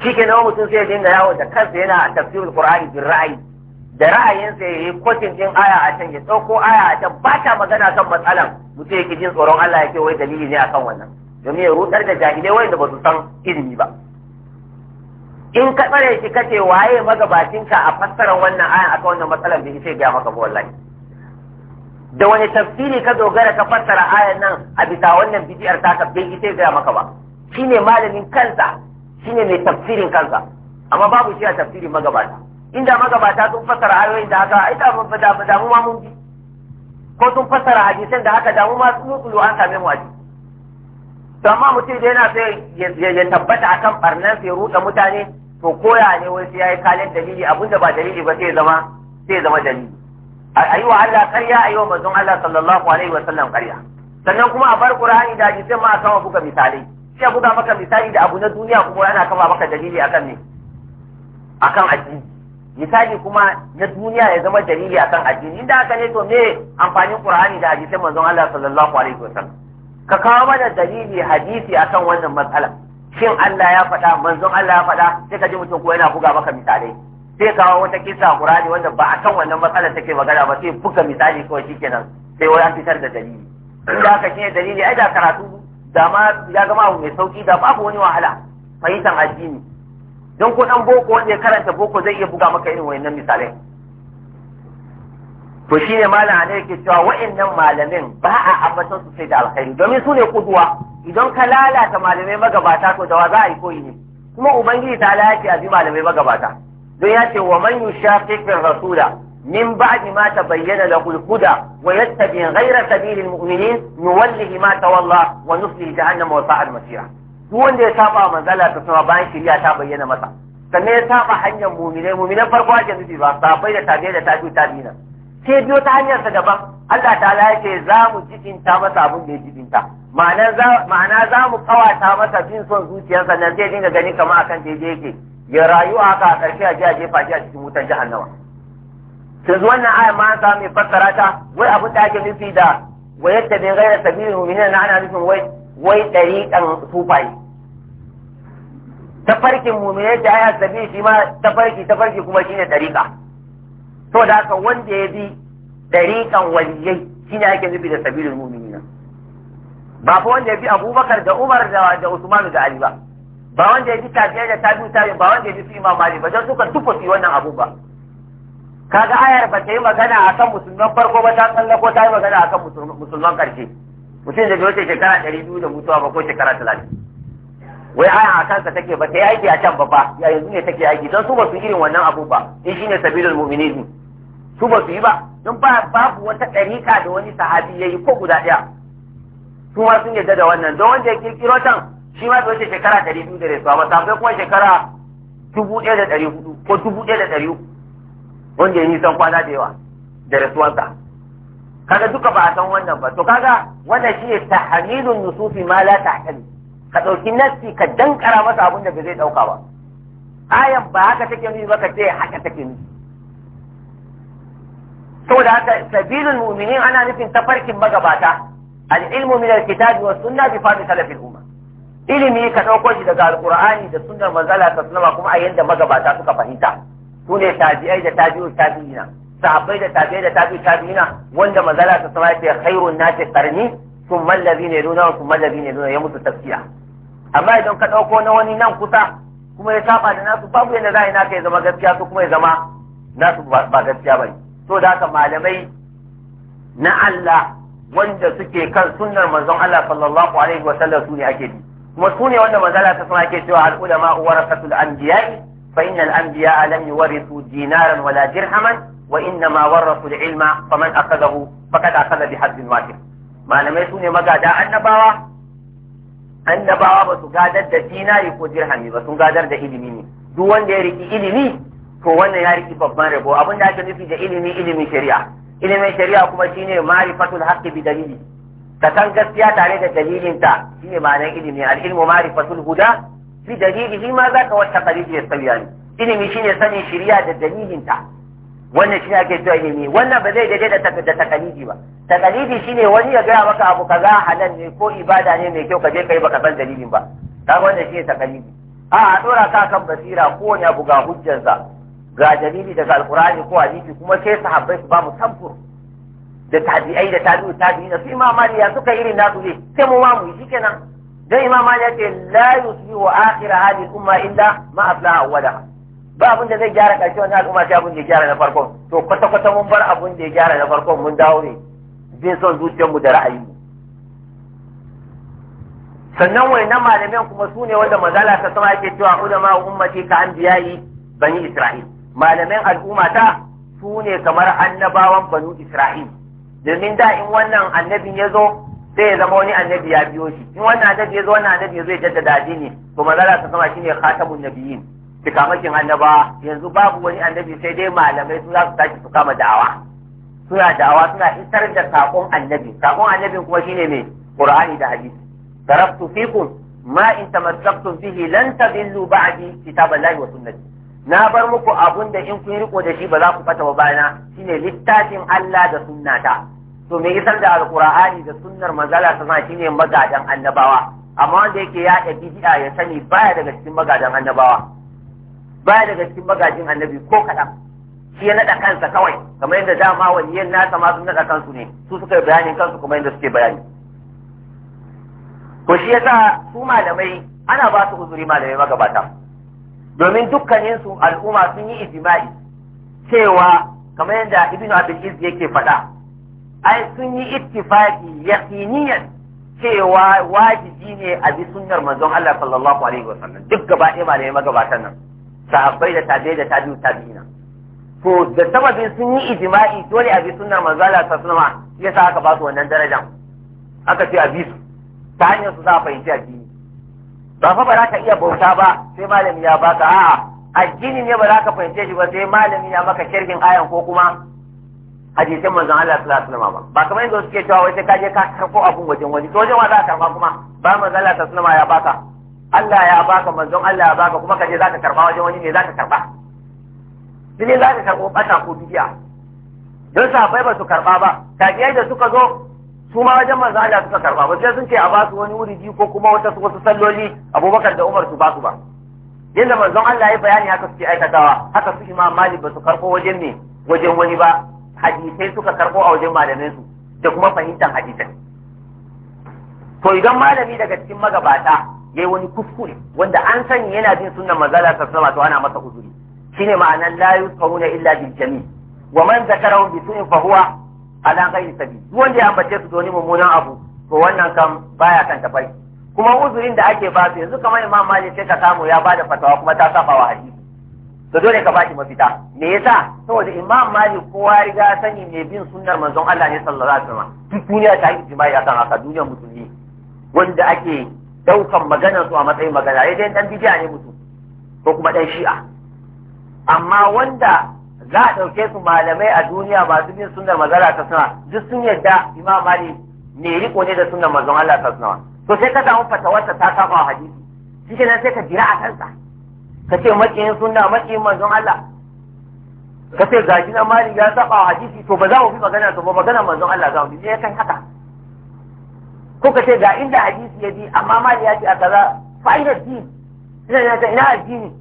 shi ke nawa mutum sai ya dinga yawo da kansa yana a tafsirul qur'ani bin ra'ayi da ra'ayinsa ya yi kwatin din aya a can ya ɗauko aya a can ba ta magana kan matsalan mutum yake jin tsoron Allah ya wai dalili ne akan wannan domin ya rutar da jahilai wanda ba su san ilimi ba in ka tsare shi kace waye magabacinka a fassarar wannan aya akan wannan matsalan bai sai ga maka ba wallahi da wani tafsiri ka dogara ka fassara ayan nan a bisa wannan bidiyar taka bai ita gaya maka ba shine malamin kansa shine mai tafsirin kansa amma babu shi a tafsirin magabata inda magabata sun fassara ayoyin da haka ai da mu damu ma mun bi ko sun fassara hadisan da haka damu ma sun kulu an same mu aji to amma mutum da yana sai ya tabbata akan barnan sai ruɗa mutane to koya ne wai sai yi kalin dalili abinda ba dalili ba sai zama sai zama dalili a yi wa Allah ƙarya a yi wa manzon Allah sallallahu alaihi wa sallam ƙarya sannan kuma a bar Qur'ani da hadisi ma a buga misalai sai buga maka misali da abu na duniya kuma yana kama maka dalili akan ne akan addini misali kuma na duniya ya zama dalili akan addini inda aka ne to me amfanin Qur'ani da hadisin manzon Allah sallallahu alaihi wasallam ka kawo mana dalili hadisi akan wannan matsala shin Allah ya faɗa manzon Allah ya faɗa sai ka ji mutum ko yana buga maka misalai sai kawo wata kisa kurani wanda ba a kan wannan matsalar take magana ba sai buga misali kawai shikenan sai wai an fitar da dalili da aka shine dalili ai da karatu da ma ya zama abu mai sauki da babu wani wahala fahimtar addini don ko dan boko wanda ya karanta boko zai iya buga maka irin wayannan misalai to shine malam ne yake cewa wayannan malamin ba a ambaton su sai da alkhairi domin su ne kuduwa idan ka lalata malamai magabata to da wa za a yi koyi ne kuma ubangiji ta lalace a bi malamai magabata don ya ce wa man yushaqiqir rasula min ba'di ma tabayyana lahu al-huda wa yattabi ghayra sabilil mu'minin nuwallihi ma tawalla wa nuslihi jahannama wa sa'at masira duk wanda ya saba manzala ta sama bayan shari'a ta bayyana masa sannan ya saba hanyar muminai muminan farko ake nufi ba sabai da tabiya da ta dina. sai biyo ta hanyar sa daban Allah ta'ala yake za mu jibinta masa abin da ya jibinta ma'ana za mu kawata masa bin son zuciyarsa nan zai dinga gani kamar akan daidai yake ya rayu a haka a ƙarshe a jiya a jefa shi a cikin wutar jahannama sai wannan aya ma an samu fassara ta wai abin da ake nufi da yadda bai gaira sabilin mu'minin na ana nufin wai wai Ta sufaye tafarkin mu'minai da aya sabili shi ma tafarki tafarki kuma shine ɗariƙa to da haka wanda ya bi ɗariƙan waliyai shine ake nufi da sabilin mu'minina ba fa wanda ya bi Abubakar da Umar da Usman da Ali ba ba wanda ya ji tafiya da tabi tabi ba wanda ya ji su imam mali ba don suka tufa su wannan abu ba kaga ayar ba ta yi magana akan musulman farko ba ta tsalla ko ta yi magana akan musulman karshe mutum da wace shekara ɗari biyu da mutuwa ba ko shekara talatin wai aya a kansa take ba ta yi aiki a can ba ba ya yanzu ne take aiki don su ba su irin wannan abu ba in shine sabilul mu'minin su ba su yi ba don ba babu wata ɗarika da wani sahabi ya yi ko guda ɗaya su ma sun yarda da wannan don wanda ya kirkiro can shi ma bai shekara ɗari biyu da rasuwa ba sabai kuma shekara dubu ɗaya da ɗari hudu ko dubu ɗaya da ɗari uku wanda ya nisan kwana da yawa da rasuwansa kaga duka ba a san wannan ba to kaga wannan shi ne tahmilun nusufi ma la tahdil ka ɗauki nassi ka dankara masa abin da ba zai ɗauka ba ayan ba haka take nufi ba ka ce haka take nufi saboda haka sabilul mu'minin ana nufin tafarkin magabata al ilmu min al kitabi was sunna bi fadl salafil umma ilimi ka ɗauko shi daga alkur'ani da sunnar manzala ta sunama kuma a yanda magabata suka fahimta su ne tabi'ai da tabi'u tabi'ina sahabbai da tabi'ai da tabi'u tabi'ina wanda manzala ta sunama ke ce khairun nasi qarni thumma alladhina yaduna thumma alladhina yaduna ya mutu tafsiya amma idan ka ɗauko na wani nan kusa kuma ya saba da nasu babu yadda za a naka ya zama gaskiya su kuma ya zama nasu ba gaskiya bane to so da haka malamai na Allah wanda suke kan sunnar manzon Allah sallallahu alaihi wasallam su ne ake bi kuma su ne wanda manzala ta sama ke cewa al'ulama warasatul anbiya'i fa innal anbiya'a lam yuwarithu dinaran wala dirhaman wa innama warathu al-ilma faman akhadahu faqad akhadha bi haddin wahid malamai su ne magada annabawa annabawa ba su gadar da dinari ko dirhami ba sun gadar da ilimi ne duk wanda ya riki ilimi to wannan ya riki babban rabo abin da ake nufi da ilimi ilimin shari'a ilimin shari'a kuma shine ma'rifatul haqqi bi dalili ka san gaskiya tare da dalilinta shine ma'anar ilimi al-ilmu ma'rifatul huda dalili. shi ma za ka wata sauya ne ilimi shine sanin shirya da dalilinta wannan shi ne ake cewa ilimi wannan ba zai daidai da takalidi ba takalidi shine wani ya gaya maka abu kaza halal ne ko ibada ne mai kyau ka je kai baka san dalilin ba ka wannan ne takalidi a a dora ka kan basira ko wani abu ga hujjarsa ga dalili daga alkur'ani ko hadisi kuma sai sahabbai su ba mu da tabi'ai da tabi'u da su imam mali ya suka irin nasu ne sai mu ma mu yi nan. dan imam yake ya ce la yusbihu akhir hadhihi umma illa ma aflaha awwala ba abin da zai gyara karshe wannan al'umma sai abin da ya gyara na farkon to kwata kwata mun bar abin da ya gyara na farkon mun dawo ne bin son mu, da ra'ayi sannan wayannan malamin kuma su ne wanda mazala ta sama yake cewa ulama ummati ka anbiya'i bani isra'il malamin al'ummata su ne kamar annabawan banu isra'il domin da in wannan annabi ya zo sai ya zama wani annabi ya biyo shi in wannan annabi ya zo wannan annabi ya zo ya jaddada addini to manzala ta sama shine khatamun nabiyyin tikamakin annaba yanzu babu wani annabi sai dai malamai su za su tashi su kama da'awa suna da'awa suna isar da sakon annabi sakon annabi kuma shine mai qur'ani da hadisi taraktu fikum ma in tamassaktum bihi lan tadillu ba'di kitaballahi wa sunnati na bar muku abun da in kun riko da shi ba za ku bata ba bayana shine littafin Allah da sunnata to me isar da alqur'ani da sunnar manzala ta sa shine magadan annabawa amma wanda yake da bid'a ya sani baya daga cikin magadan annabawa baya daga cikin magajin annabi ko kaɗan shi ya naɗa kansa kawai kamar yadda dama yan nasa ma sun naɗa kansu ne su suka yi bayanin kansu kuma yadda suke bayani to shi yasa su malamai ana ba su uzuri malamai magabata domin dukkaninsu al'umma sun yi ijima'i cewa kamar yadda ibnu abdul iz yake faɗa ai sun yi ittifaqi yaqiniyan cewa wajibi ne a bi sunnar manzon Allah sallallahu alaihi wasallam duk gaba ɗaya malamai magabatan nan sahabbai da tabi'i da tabi'u tabi'ina to da sababin sun yi ijima'i dole a bi sunnar manzon Allah sallallahu alaihi wasallam yasa aka ba su wannan darajar aka ce a bi su ta hanyar su za a fahimci addini ba fa ba za ka iya bauta ba sai malami ya baka a'a addini ne ba za ka fahimce shi ba sai malami ya maka shirgin ayan ko kuma hadisin manzon Allah sallallahu alaihi wasallam ba kamar yadda suke cewa wai sai ka je ka karko abun wajen wani to wajen wa za ka karba kuma ba manzon Allah sallallahu alaihi wasallam ya baka Allah ya baka manzon Allah ya baka kuma ka je za ka karba wajen wani ne za ka karba dole za ka karbo bata ko bidiya don bai ba su karba ba tabiyai da suka zo su ma wajen manzo Allah suka karba ba sai sun ce a ba su wani wuri ko kuma wata wasu salloli Abubakar da Umar su ba su ba yadda manzon Allah ya bayani haka suke aikatawa haka su Imam Malik ba su karbo wajen ne wajen wani ba hadisai suka karbo a wajen malamin su da kuma fahimtar hadisan to idan malami daga cikin magabata yayi wani kuskure wanda an sani yana bin sunnan manzo Allah sallallahu alaihi to ana masa uzuri shine ma'anan la yusawuna illa bil jami' wa man zakarahu bi sunin fa huwa ala ghairi sabi duk wanda ya ambace su doni mummunan abu to wannan kam baya kan tafai kuma uzurin da ake ba su yanzu kamar imam malik sai ka samu ya bada fatawa kuma ta saba wa hadisi to dole ka baki mafita me yasa saboda imam malik kowa ya riga sani mai bin sunnar manzon Allah ne sallallahu alaihi wasallam duk duniya ta yi jima'i akan haka duniyar musulmi wanda ake daukan maganar su a matsayin magana ya dan bidiya ne mutum ko kuma dan shi'a amma wanda za a ɗauke su malamai a duniya masu bin sunnar mazara ta suna duk sun yadda imam mali ne riko ne da sunnar mazan Allah ta suna to sai ka samu fatawarsa ta saba wa hadisi shi kenan sai ka jira a kansa ka ce makiyin sunna makiyin mazan Allah ka ce zaki na mali ya saba wa hadisi to ba za mu bi magana to ba magana mazan Allah za mu bi ya kai haka ko ka ce ga inda hadisi ya bi amma mali ya ce a kaza fa'idar din ina ina addini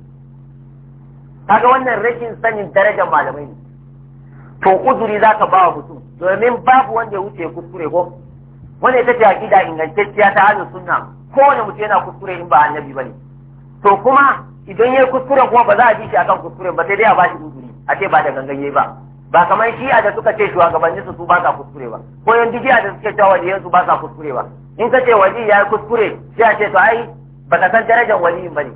kaga wannan rashin sanin darajar malamai ne to uzuri za ka ba wa mutum domin babu wanda ya wuce kuskure ko wanda ita ce aqida ingantacciya ta ahlus sunna kowane mutum yana kuskure in ba annabi ba ne. to kuma idan yi kuskure kuma ba za a ji shi akan kuskure ba sai dai a bashi uzuri a ce ba da gangan ba ba kamar a da suka ce shugabanni su su ba sa kuskure ba ko yan bidiya da suke cewa waliyan su ba sa kuskure ba in ka ce wali ya yi kuskure sai a ce to ai ba ka san darajar waliyin ba ne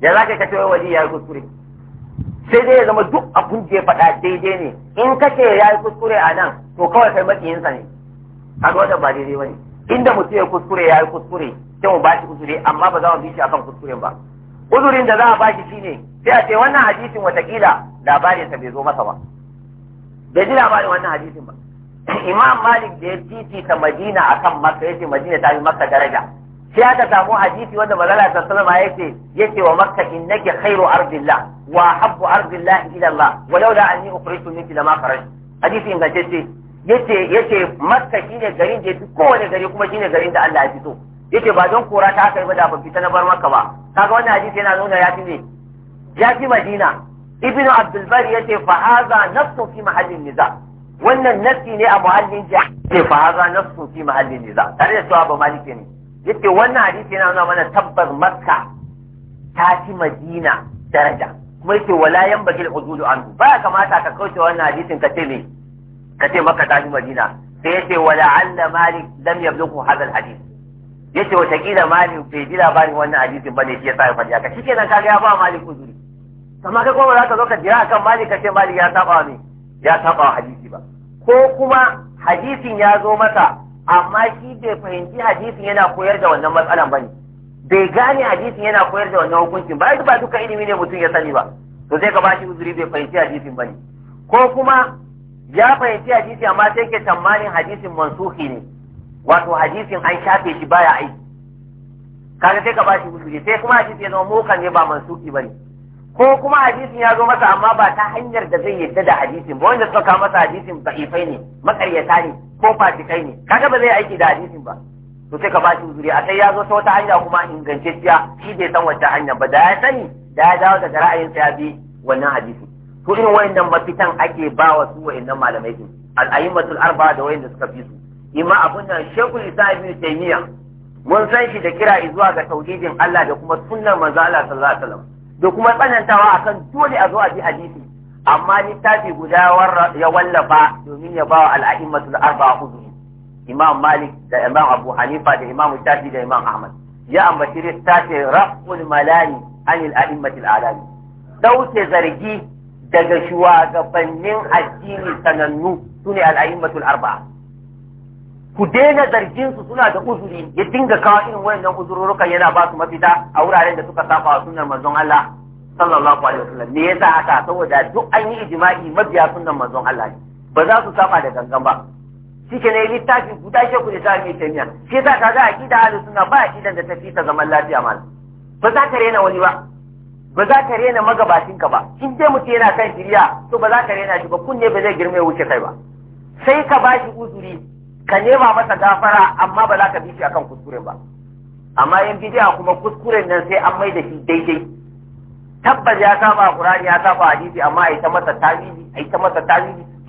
ya za ka ce wali ya yi kuskure sai dai ya zama duk abun da ya faɗa daidai ne in kake ya yi kuskure a nan to kawai kai makiyinsa ne kaga wajen ba daidai ba ne. inda mutum ya kuskure ya yi kuskure sai mu bashi uzuri amma ba za mu bi shi akan kuskuren ba uzurin da za a bashi ne, sai a ce wannan hadisin watakila labarinsa bai zo masa ba bai ji labarin wannan hadisin ba imam malik da ya titita madina akan makka ce madina ta yi makka daraja sai aka samu hadisi wanda manzala sallallahu alaihi wasallam ya ce wa makka innaki khairu ardillah wa habbu ardillahi ila Allah walau da anni ukhrijtu minki lama kharajtu hadisi ce yace yace makka shine garin da yafi kowane gari kuma shine garin da Allah ya fito yace ba don kora ta kai ba da ban fita na bar makka ba kaga wannan hadisi yana nuna ya fi ne ya fi madina ibnu abdul bari yace fa hadha nafsu fi mahallin niza wannan nafsi ne a muhallin ja ce fa hadha nafsu fi mahallin niza tare da cewa ba maliki ne yace wannan hadisi yana nuna mana tabbas makka ta fi madina daraja kuma yake wala yan bagil hududu an ba ya kamata ka kauce wannan hadisin ka ce me ka ce maka tafi madina sai yace wala alla malik lam yablughu hadal hadis yace wata kila malik bai ji labarin wannan hadisin bane shi yasa ya faɗi haka shikenan kaga ya ba malik uzuri amma kai kuma za ka zo ka jira akan malik ka ce malik ya saba ne ya saba hadisi ba ko kuma hadisin ya zo masa amma shi bai fahimci hadisin yana koyar da wannan matsalan bane bai gane hadisin yana koyar da wannan hukuncin ba ba duka ilimi ne mutum ya sani ba to zai ka ba shi uzuri bai fahimci hadisin ba ne. ko kuma ya fahimci hadisi amma sai ke tsammanin hadisin mansuhi ne wato hadisin an shafe shi baya aiki kaga sai ka ba shi uzuri sai kuma hadisi ya zama mokan ne ba mansuhi ne. ko kuma hadisin ya zo masa amma ba ta hanyar da zai yadda da hadisin ba wanda suka kawo masa hadisin ba'ifai ne makaryata ne ko fasikai ne kaga ba zai aiki da hadisin ba to sai ka ba shi uzuri sai ya zo ta wata hanya kuma ingantacciya shi bai san wata hanya ba da ya sani da ya dawo daga ra'ayin sa ya bi wannan hadisi to irin wayannan mafitan ake ba wa su wayannan malamai din al-a'immatul arba da wayanda suka fi su imma abun nan shekul isa ibn taymiya mun san shi da kira zuwa ga tauhidin Allah da kuma sunnar manzo Allah sallallahu alaihi wasallam da kuma tsanantawa akan dole a zo a bi hadisi amma littafi guda ya wallafa domin ya bawa al-a'immatul arba uzuri imam malik da imam abu hanifa da imam shafi da imam ahmad ya ambaci littafin raful malani anil a'immatil alami dauke zargi daga shugabannin addini sanannu sune al'a'immatul arba'a ku daina zargin su suna da uzuri ya dinga kawo irin wayannan uzururukan yana ba su mafita a wuraren da suka saba wa sunnar manzon Allah sallallahu alaihi wasallam me yasa haka saboda duk an yi ijma'i mabiya sunnar manzon Allah ne ba za su saba da gangan ba na yi littafin ku da ku ta miya. shi yasa kaga aqida ahlus suna ba gidan da tafi ta zaman lafiya mal ba za ka rena wani ba ba za ka rena magabacin ka ba in dai mutum yana kan shirya to ba za ka rena shi ba kunne ba zai girme wuce kai ba sai ka bashi uzuri ka nema masa gafara amma ba za ka bi shi akan kuskure ba amma yan bidiya kuma kuskuren nan sai an maida shi daidai tabbas ya saba qur'ani ya saba hadisi amma ai ta masa tawili ai ta masa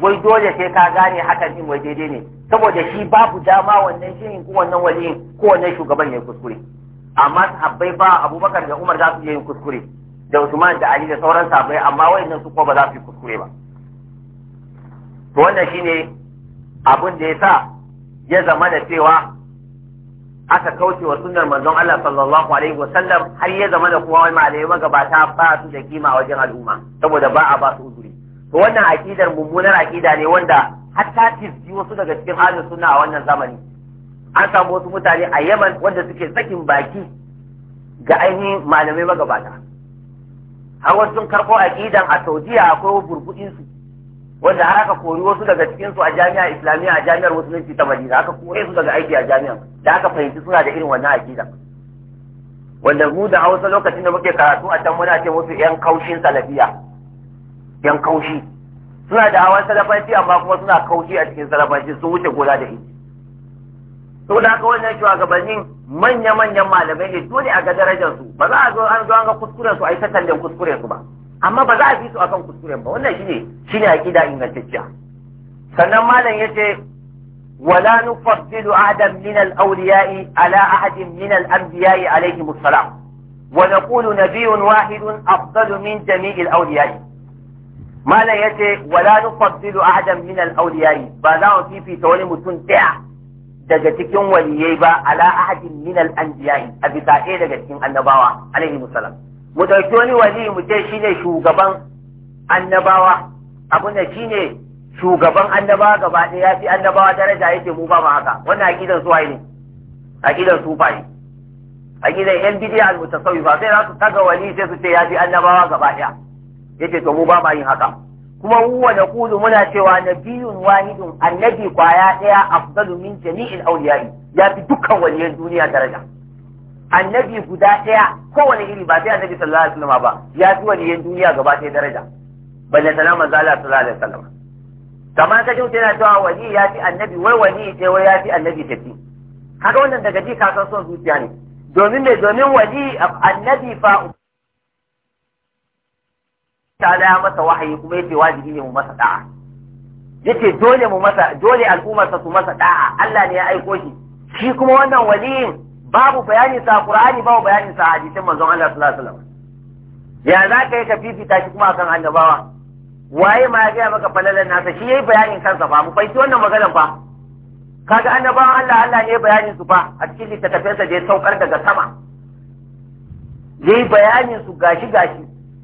wai dole sai ka gane hakan din wai daidai ne saboda shi babu dama wannan shirin ko wannan waliyin ko wannan shugaban ya kuskure amma sahabbai ba Abubakar da Umar za su yi kuskure da Usman da Ali da sauran sahabbai amma wayannan su ko ba za su yi kuskure ba to wannan shine abin da sa ya zama da cewa aka kauce wa sunnar manzon Allah sallallahu alaihi wa sallam har ya zama da kuma wai malamai magabata ba su da kima wajen al'umma saboda ba a ba su uzuri to wannan aqidar mummunar aqida ne wanda hatta tisbi wasu daga cikin ahlus sunna a wannan zamani an samu wasu mutane a Yaman wanda suke sakin baki ga ainihin malamai magabata har wasu sun karɓo aqidan a Saudiya akwai burbuɗin su wanda har aka kori wasu daga cikin su a jami'a islamiyya a jami'ar musulunci ta Madina aka kore su daga aiki a jami'an da aka fahimci suna da irin wannan aƙidan. wanda mu da Hausa lokacin da muke karatu a can muna ce musu yan kaushin salafiya yan kaushi suna da hawan salafanci amma kuma suna kaushi a cikin salafanci sun wuce gona da inji da ka wannan shugabannin manya-manyan malamai ne dole a ga darajar su ba za a zo an zo an ga kuskuren su a yi tallan kuskuren su ba amma ba za a fi su akan kuskuren ba wannan shine shine aqida ingantacciya sannan malam yace wala nufaddilu ahadan min al-awliya'i ala ahadin min al-anbiya'i alayhi assalam wa naqulu nabiyyun wahidun afdalu min jami'il awliya'i malam ya ce, wala nufaddilu ahadan min al-awliya ba za mu fifita wani mutum daya daga cikin waliyai ba ala ahadin min al-anbiya a bisa ɗaya daga cikin annabawa alaihi musallam mu dauki wani wali mu ce shine shugaban annabawa abun da shine shugaban annabawa gaba ɗaya ya fi annabawa daraja yake mu ba mu haka wannan aqidan su ne aqidan sufaye aqidan yan bid'a al-mutasawwifa sai za su taga wali sai su ce ya fi annabawa gaba ɗaya yake to mu ba ma yin haka kuma huwa da kudu muna cewa nabiyun wahidun annabi kwaya daya afdalu min jami'il awliyai ya fi dukkan waliyan duniya daraja annabi guda daya kowane iri ba sai annabi sallallahu alaihi wasallam ba ya fi waliyan duniya gaba ɗaya daraja balle sana manzo Allah sallallahu alaihi wasallam kamar ka jinta yana cewa wali ya fi annabi wai wali ce wai ya fi annabi tafi Haka wannan daga ji ka san son zuciya ne domin me domin wali annabi fa ta ya masa wahayi kuma yace wajibi ne mu masa da'a yace dole mu masa dole al'ummar su masa da'a Allah ne ya aiko shi shi kuma wannan waliyin babu bayani sa Qur'ani babu bayani sa hadisin manzon Allah sallallahu alaihi wasallam ya za ka yi ka fifita shi kuma akan annabawa waye ma ya gaya maka falalan nasa shi yayi bayanin kansa fa mu fahimci wannan maganar fa kaga annabawan Allah Allah ne bayanin su fa a cikin littattafansa da ya saukar daga sama yayi bayanin su gashi gashi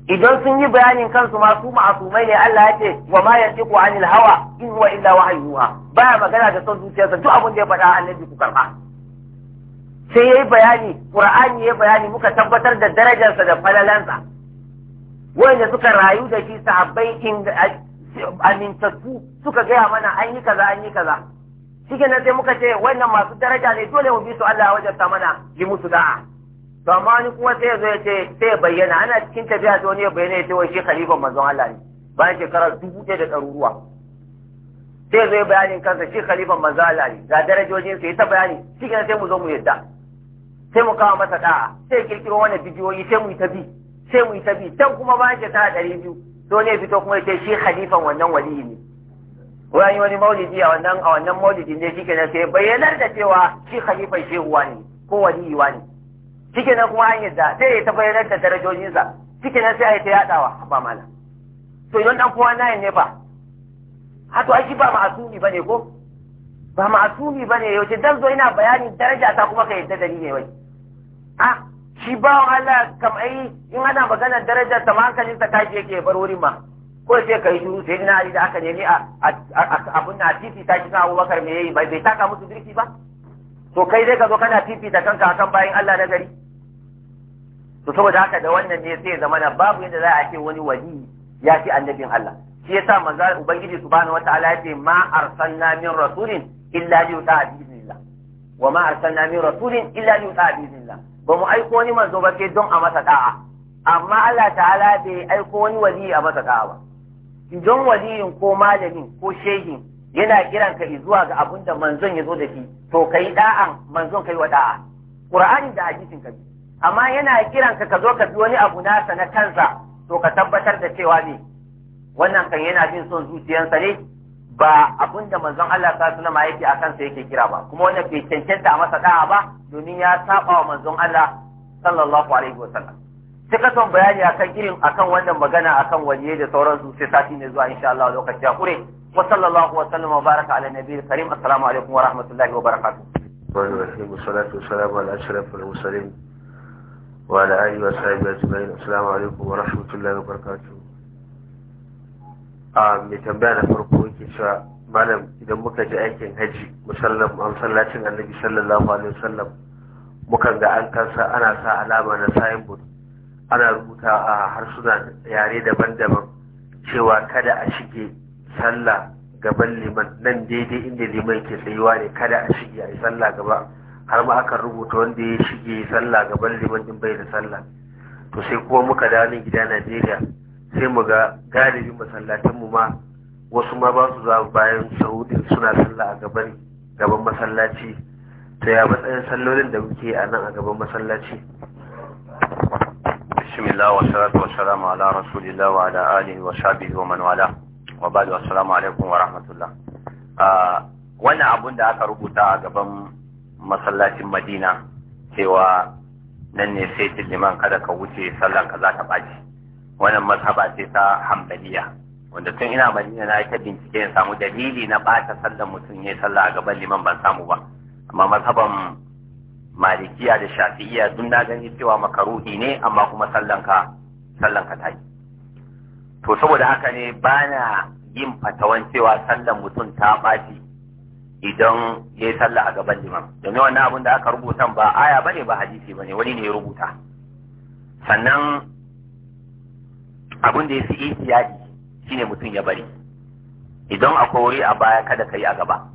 idan sun yi bayanin kansu ma su ma'asumai ne Allah ya ce wa ma yantiqu anil hawa in huwa illa wahyuha baya magana da son zuciyarsa duk abin da ya faɗa annabi ku karba sai yayi bayani qur'ani yayi bayani muka tabbatar da darajarsa da falalansa wanda suka rayu da shi sahabbai in amintattu suka gaya mana an yi kaza an yi kaza kenan sai muka ce wannan masu daraja ne dole mu bi su Allah wajen ta mana yi musu da'a to amma wani kuma sai ya zo ya ce sai bayyana ana cikin tafiya sai wani ya bayyana ya ce wai shi khalifan manzon Allah ne bayan shekara dubu ɗaya da ɗaruruwa sai zai bayanin kansa shi khalifan manzon Allah ne ga darajojin sai ta bayani shi kenan sai mu zo mu yadda sai mu kawo masa da'a sai kirkiro wani bidiyoyi sai mu yi ta bi sai mu yi ta bi can kuma bayan shekara ɗari biyu to ne fito kuma ya ce shi khalifan wannan waliyi ne wani wani maulidi a wannan a wannan maulidi ne shi kenan sai bayyanar da cewa shi khalifan shehuwa ne ko waliyi ne cike nan kuma an yadda sai ya ta bayyanar da darajojinsa cike nan sai a yi ta yadawa ba mala to idan dan kowa nayin ne ba hato aiki ba ma'asumi ba ne ko ba ma'asumi ba ne yaushe dan zo ina bayani daraja ta kuma ka yadda da ni ne wai a shi ba wa Allah kam ai in ana magana darajar ta hankalin ta kaji yake bar wurin ma ko sai ka yi shiru sai ina ali da aka nemi a abun na titi ta kisa Abubakar me yayi bai taka musu birki ba to kai dai ka zo kana fifita kanka akan bayan Allah na gari to saboda haka da wannan ne sai zamana babu yadda za a ce wani wali ya fi annabin Allah shi yasa manzo ubangiji subhanahu wataala ya ce ma arsalna min rasulin illa li yuta'a bi'iznillah wa ma arsalna min rasulin illa li yuta'a bi'iznillah ba mu aiko wani manzo ba sai don a masa da'a amma Allah ta'ala bai aiko wani wali a masa da'a ba don waliyin ko malamin ko shehin yana kiran ka zuwa ga abin da manzon ya zo da shi to kai da'an manzon kai wa da'a qur'ani da hadisin ka amma yana kiran ka ka zo ka bi wani abu nasa na kansa to ka tabbatar da cewa ne wannan kan yana jin son zuciyarsa ne ba abin da manzon Allah ta alaihi ma yake akan sa yake kira ba kuma wannan bai cancanta masa da'a ba domin ya saba wa manzon Allah sallallahu alaihi wasallam suka son bayani akan irin akan wannan magana akan waliyai da sauransu sai sati ne zuwa insha Allah lokaci ya وصلى الله وسلم وبارك على النبي الكريم السلام عليكم ورحمة الله وبركاته والصلاة والسلام على أشرف المرسلين وعلى آله وصحبه أجمعين السلام عليكم ورحمة الله وبركاته a mai tambaya na farko yake cewa malam idan muka ji aikin haji masallacin annabi sallallahu alaihi wasallam mukan ga an kansa ana sa alama na signboard ana rubuta a harsuna yare daban-daban cewa kada a shige sallah gaban liman nan daidai inda liman ke tsayuwa ne kada a shige a yi sallah gaba har ma aka rubuta wanda ya shige sallah gaban liman din bai da sallah to sai kuma muka dawo nan gida Najeriya sai mu ga galibin masallatan mu ma wasu ma ba su za bayan Saudi suna sallah a gaban gaban masallaci to ya matsayin sallolin da muke a nan a gaban masallaci bismillah wa salatu wa salamu ala rasulillah wa ala alihi wa sahbihi wa man wala wa assalamu alaikum wa rahmatullah ah, wannan abun da aka rubuta a gaban masallacin Madina cewa nan ne sai liman kada ka wuce sallar ka za ta baci wannan mazhaba ce ta hambaliya. wanda tun ina Madina na ta bincike in samu dalili na bata sallar mutum yayin sallah a gaban liman ban samu ba amma mazhaban Malikiya da shafi'iya duk na gani cewa makaruhi ne amma kuma sallan ka sallan ka ta yi to saboda haka ne ba na yin fatawan cewa sallar mutum ta ɓaci idan ya yi sallah a gaban liman domin wannan abin da aka rubuta ba aya ba ne ba hadisi ne wani ne ya rubuta sannan abin da ya fi ihtiyadi shine mutum ya bari idan akwai wuri a baya kada ka yi a gaba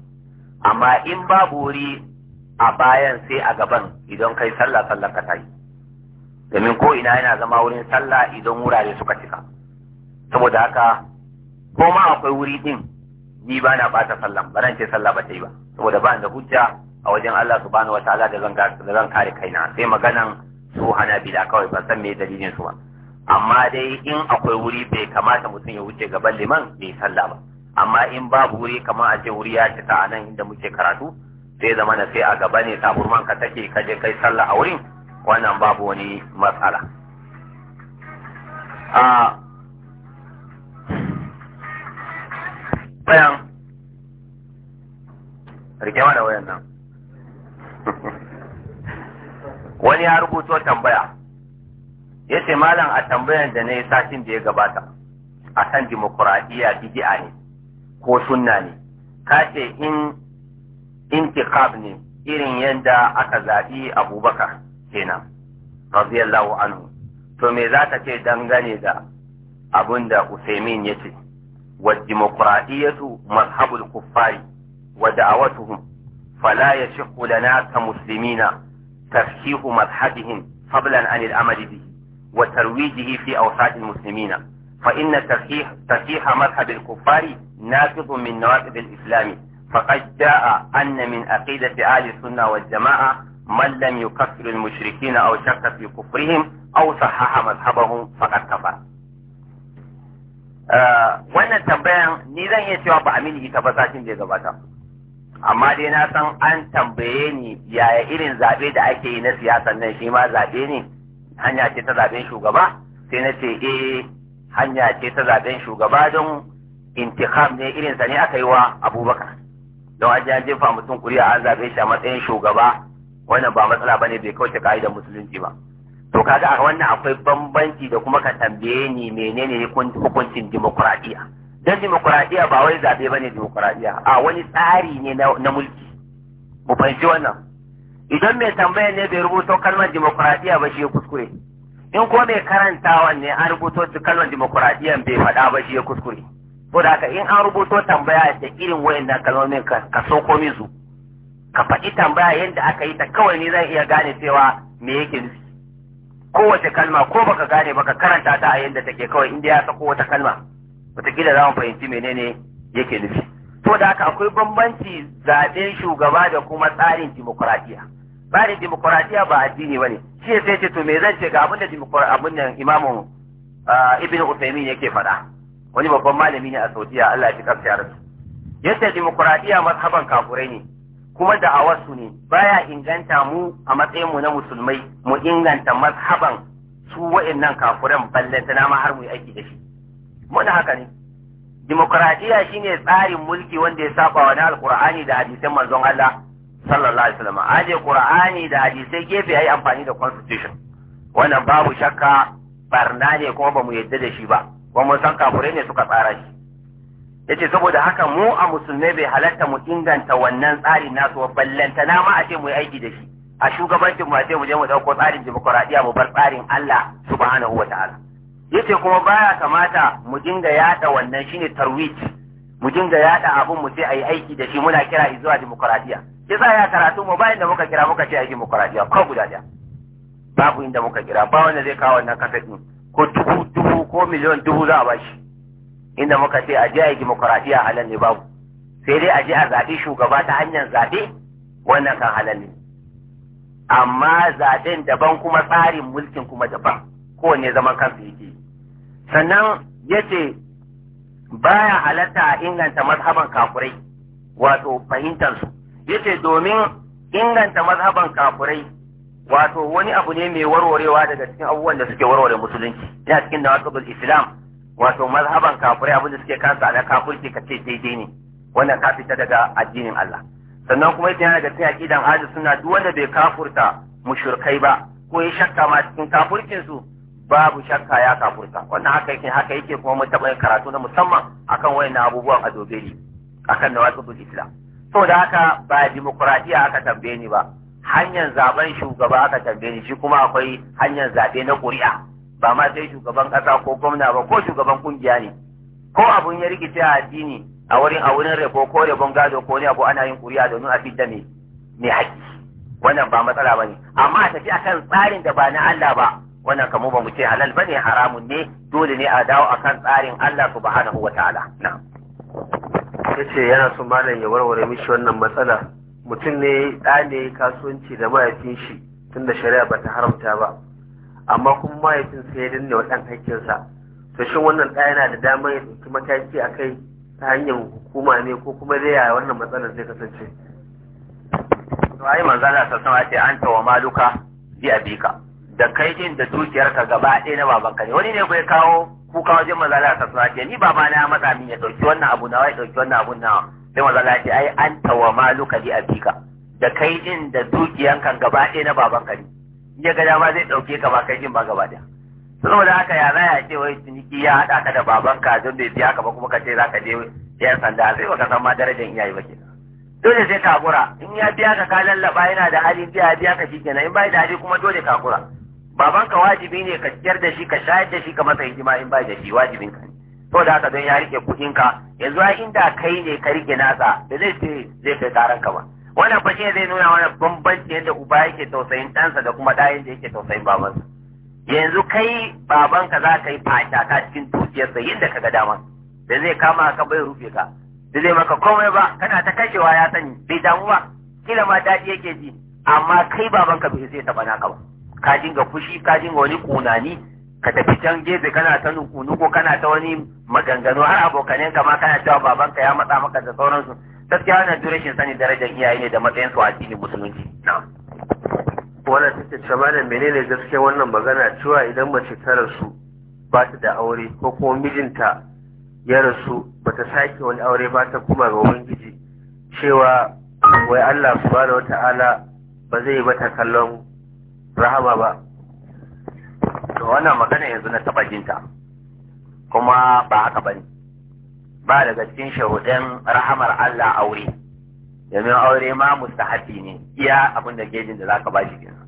amma in babu wuri a bayan sai a gaban idan kai sallah sallar ka tayi domin ko ina yana zama wurin sallah idan wurare suka cika saboda haka ko ma akwai wuri din ni ba na bata sallan ba ce sallah ba ta yi ba saboda ba da hujja a wajen Allah subhanahu wataala da zan da zan kare kaina sai maganan su hana bila kawai ban san me dalilin su ba amma dai in akwai wuri bai kamata mutum ya wuce gaban liman bai sallah ba amma in babu wuri kamar a ce wuri ya cika a nan inda muke karatu sai zama na sai a gaba ne taburman ka take ka je kai sallah a wurin wannan babu wani matsala ah, bayan rike mana wayan nan wani ya rubuto tambaya ya ce malam a tambayan da na yi satin da ya gabata a kan dimokuraɗiyya bidi'a ne ko sunna ne ka ce in intikab ne irin yadda aka zaɓi abubakar kenan radiyallahu anhu to me za ta ce dangane da abin da usaimin ya ce والديمقراطية مذهب الكفار ودعوتهم فلا يشق لنا كمسلمين تفكيك مذهبهم فضلا عن الأمل به وترويجه في أوساط المسلمين فإن ترشيح مذهب الكفار ناقض من نواقض الإسلام فقد جاء أن من عقيدة آل السنة والجماعة من لم يكفر المشركين أو شك في كفرهم أو صحح مذهبهم فقد كفر Eh, wannan tambayan ni zan iya cewa ba Aminu ita ba satin da ya gabata amma dai na san an tambaye ni yaya irin zaɓe da ake yi na siyasa. nan shi ma zaɓe ne hanya ce ta zaɓen shugaba sai na ce eh hanya ce ta zaɓen shugaba don intikam ne irinsa ne aka yi wa abubakar don a jiya jefa mutum kuri'a an zaɓe shi a matsayin shugaba wannan ba matsala bane bai kauce ka'idar musulunci ba to kaga a wannan akwai bambanci da kuma ka tambaye ni menene ne hukuncin demokradiya dan demokradiya ba wai zabe bane demokradiya a wani tsari ne na mulki mu fahimci wannan idan mai tambaya ne bai rubuto kalmar demokradiya ba shi ya kuskure in ko mai karantawa ne an rubuto kalmar demokradiyan bai faɗa ba shi ya kuskure ko da haka in an rubuto tambaya da irin wayannan kalmomin ka so komi su ka faɗi tambaya yadda aka yi ta kawai ne zan iya gane cewa me yake nufi kowace kalma ko baka gane baka karanta ta a yadda take kawai inda ya sako wata kalma wataƙila za mu fahimci menene yake nufi to da haka akwai bambanci zaɓen shugaba da kuma tsarin dimokuraɗiyya tsarin dimokuraɗiyya ba addini ba ne shi ya sai ce to me zan ce ga abinda da abin nan imamu ibn usaimin yake faɗa wani babban malami ne a saudiya allah ya fi karfi a rasu yadda dimokuraɗiyya mazhaban kafurai ne kuma da'awarsu ne baya inganta mu a matsayin mu na musulmai mu inganta mazhaban su wa'annan kafuran ballantana nama har mu yi aiki da shi muna haka ne demokradiya shine tsarin mulki wanda ya saba wa na alqur'ani da hadisan manzon Allah sallallahu alaihi wasallam aje qur'ani da hadisai gefe ai amfani da constitution wannan babu shakka barna ne kuma ba mu yadda da shi ba kuma san kafurai ne suka tsara shi yace saboda haka mu a musulmai bai halatta mu inganta wannan tsarin nasu wa ballanta na ma a ce mu yi aiki da shi a shugabancin mu a ce mu je mu dauko tsarin demokradiya mu bar tsarin Allah subhanahu Ya yace kuma baya kamata mu dinga yada wannan shine tarwit mu dinga yada abun mu sai ayi aiki da shi muna kira zuwa demokradiya yasa ya karatu mu bayan da muka kira muka ce ayi demokradiya ko guda ɗaya? babu inda muka kira ba wanda zai kawo wannan kasafin ko dubu dubu ko miliyon dubu za a bashi inda muka ce a jiya dimokuraɗiyya halal ne babu sai dai a ji a zaɓi shugaba ta hanyar zaɓe wannan kan halal ne amma zaɓen daban kuma tsarin mulkin kuma daban kowane zaman kansa yake sannan ya ce baya halatta a inganta mazhaban kafurai wato fahimtansu ya ce domin inganta mazhaban kafurai wato wani abu ne mai warwarewa daga cikin abubuwan da suke warware musulunci ina cikin da islam wato mazhaban kafirai abin da suke kansa na kafirci ka ce daidai ne wannan ka fita daga addinin Allah sannan kuma yana daga cikin aqidan ahlus sunna duk wanda bai kafurta mushrikai ba ko ya shakka ma cikin kafircin su babu shakka ya kafurta wannan haka yake haka yake kuma mun taɓa yin karatu na musamman akan wayannan abubuwan a dobeli akan nawaqidul islam saboda haka ba dimokuraɗiyya aka tambaye ni ba hanyar zaben shugaba aka tambaye ni shi kuma akwai hanyar zaɓe na ƙuri'a ba ma sai shugaban kasa ko gwamna ba ko shugaban kungiya ne ko abun ya rikice a addini a wurin a wurin rebo ko rebon gado ko ne abu ana yin kuriya domin a fidda ne mai haƙƙi wannan ba matsala ba ne amma a tafi akan tsarin da ba na Allah ba wannan kamo ba mu ce halal ba ne haramun ne dole ne a dawo akan tsarin Allah subhanahu wa ta'ala na'am yace yana son malam ya warware mishi wannan matsala mutum ne ɗa ne kasuwanci da mahaifin shi tunda shari'a ba ta haramta ba amma kuma mahaifin sai ya danne wa ɗan hakkinsa to shin wannan ɗaya yana da damar ya ɗauki mataki a kai ta hanyar hukuma ne ko kuma dai yaya wannan matsalar zai kasance to ai maza na ta sama ce anta wa maluka bi abika da kai din da dukiyarka gaba ɗaya na babanka ne wani ne bai kawo kuka wajen maza na ta sama ce ni baba na ya matsa min ya ɗauki wannan abu nawa ya ɗauki wannan abu nawa sai maza na ce ai anta wa maluka bi abika da kai din da kan gaba ɗaya na babanka ne ya ga dama zai ɗauke ka ba kai jin ba gaba da saboda haka ya zaya ce wai ciniki ya haɗa ka da babanka don bai biya ka ba kuma ka ce za ka je yan sanda sai baka san ma darajar iyaye ba ke. dole sai kakura in ya biya ka ka lallaba yana da hali ya biya ka shi kenan in ba da hali kuma dole kakura babanka wajibi ne ka ciyar da shi ka shayar da shi ka masa hidima in ba da shi wajibin ka ne saboda haka don ya rike kuɗin ka yanzu a inda kai ne ka rike nasa da zai ce zai kai karan ka ba wannan ba shi zai nuna wani bambanci yadda uba yake tausayin ɗansa da kuma ɗayan da yake tausayin babansa yanzu kai babanka za ka yi fata ka cikin sa yadda ka ga dama da zai kama ka bai rufe ka da zai maka komai ba kana ta kashewa ya sani bai damu ba kila ma daɗi yake ji amma kai babanka bai zai taɓa naka ba ka dinga fushi ka dinga wani kunani ka tafi can gefe kana ta nuku ko kana ta wani maganganu har abokanen ka ma kana cewa babanka ya matsa maka da sauransu gaskiya wannan jure shi sani darajar iyaye ne da matsayin su a addinin musulunci wannan take cewa da menene gaskiya wannan magana cewa idan mace ta rasu ba ta da aure ko kuma mijinta ya rasu ba ta sake wani aure ba ta kuma ga ubangiji cewa wai Allah subhanahu wata'ala ba zai mata kallon rahama ba to wannan magana yanzu na taba jinta kuma ba haka bane ba daga cikin shahudan rahamar Allah aure domin aure ma mustahabi ne iya abin da gejin da zaka bashi kenan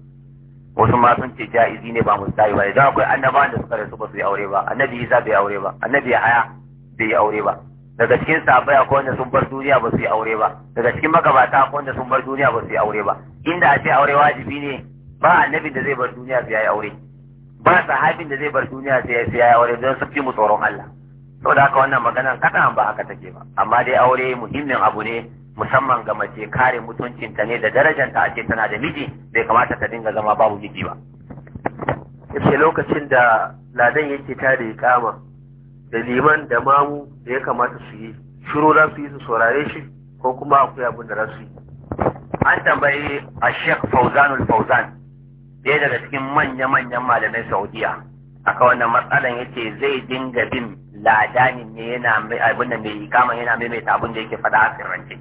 wasu ma sun ce jaizi ne ba mustahi ba idan akwai annabawan da suka rasu ba su yi aure ba annabi Isa bai aure ba annabi Yahaya bai yi aure ba daga cikin sahabbai akwai wanda sun bar duniya ba su yi aure ba daga cikin magabata akwai wanda sun bar duniya ba su yi aure ba inda a ce aure wajibi ne ba annabi da zai bar duniya sai ya yi aure ba sahabin da zai bar duniya sai ya yi aure don sun fi mu tsoron Allah to da haka wannan maganan kaɗan ba haka take ba amma dai aure muhimmin abu ne musamman ga mace kare mutuncinta ne da darajanta a ake tana da miji bai kamata ta dinga zama babu miji ba yace lokacin da ladan yake tare kama da liman da mamu da ya kamata su yi shiru za su yi su saurare shi ko kuma akwai abin da za yi an tambayi a sheikh fauzanul fauzan ɗaya daga cikin manya-manyan malamai saudiya aka wannan matsalan yake zai dinga bin ladanin ne yana mai abin da mai kama yana mai mai abin da yake faɗa a sirrance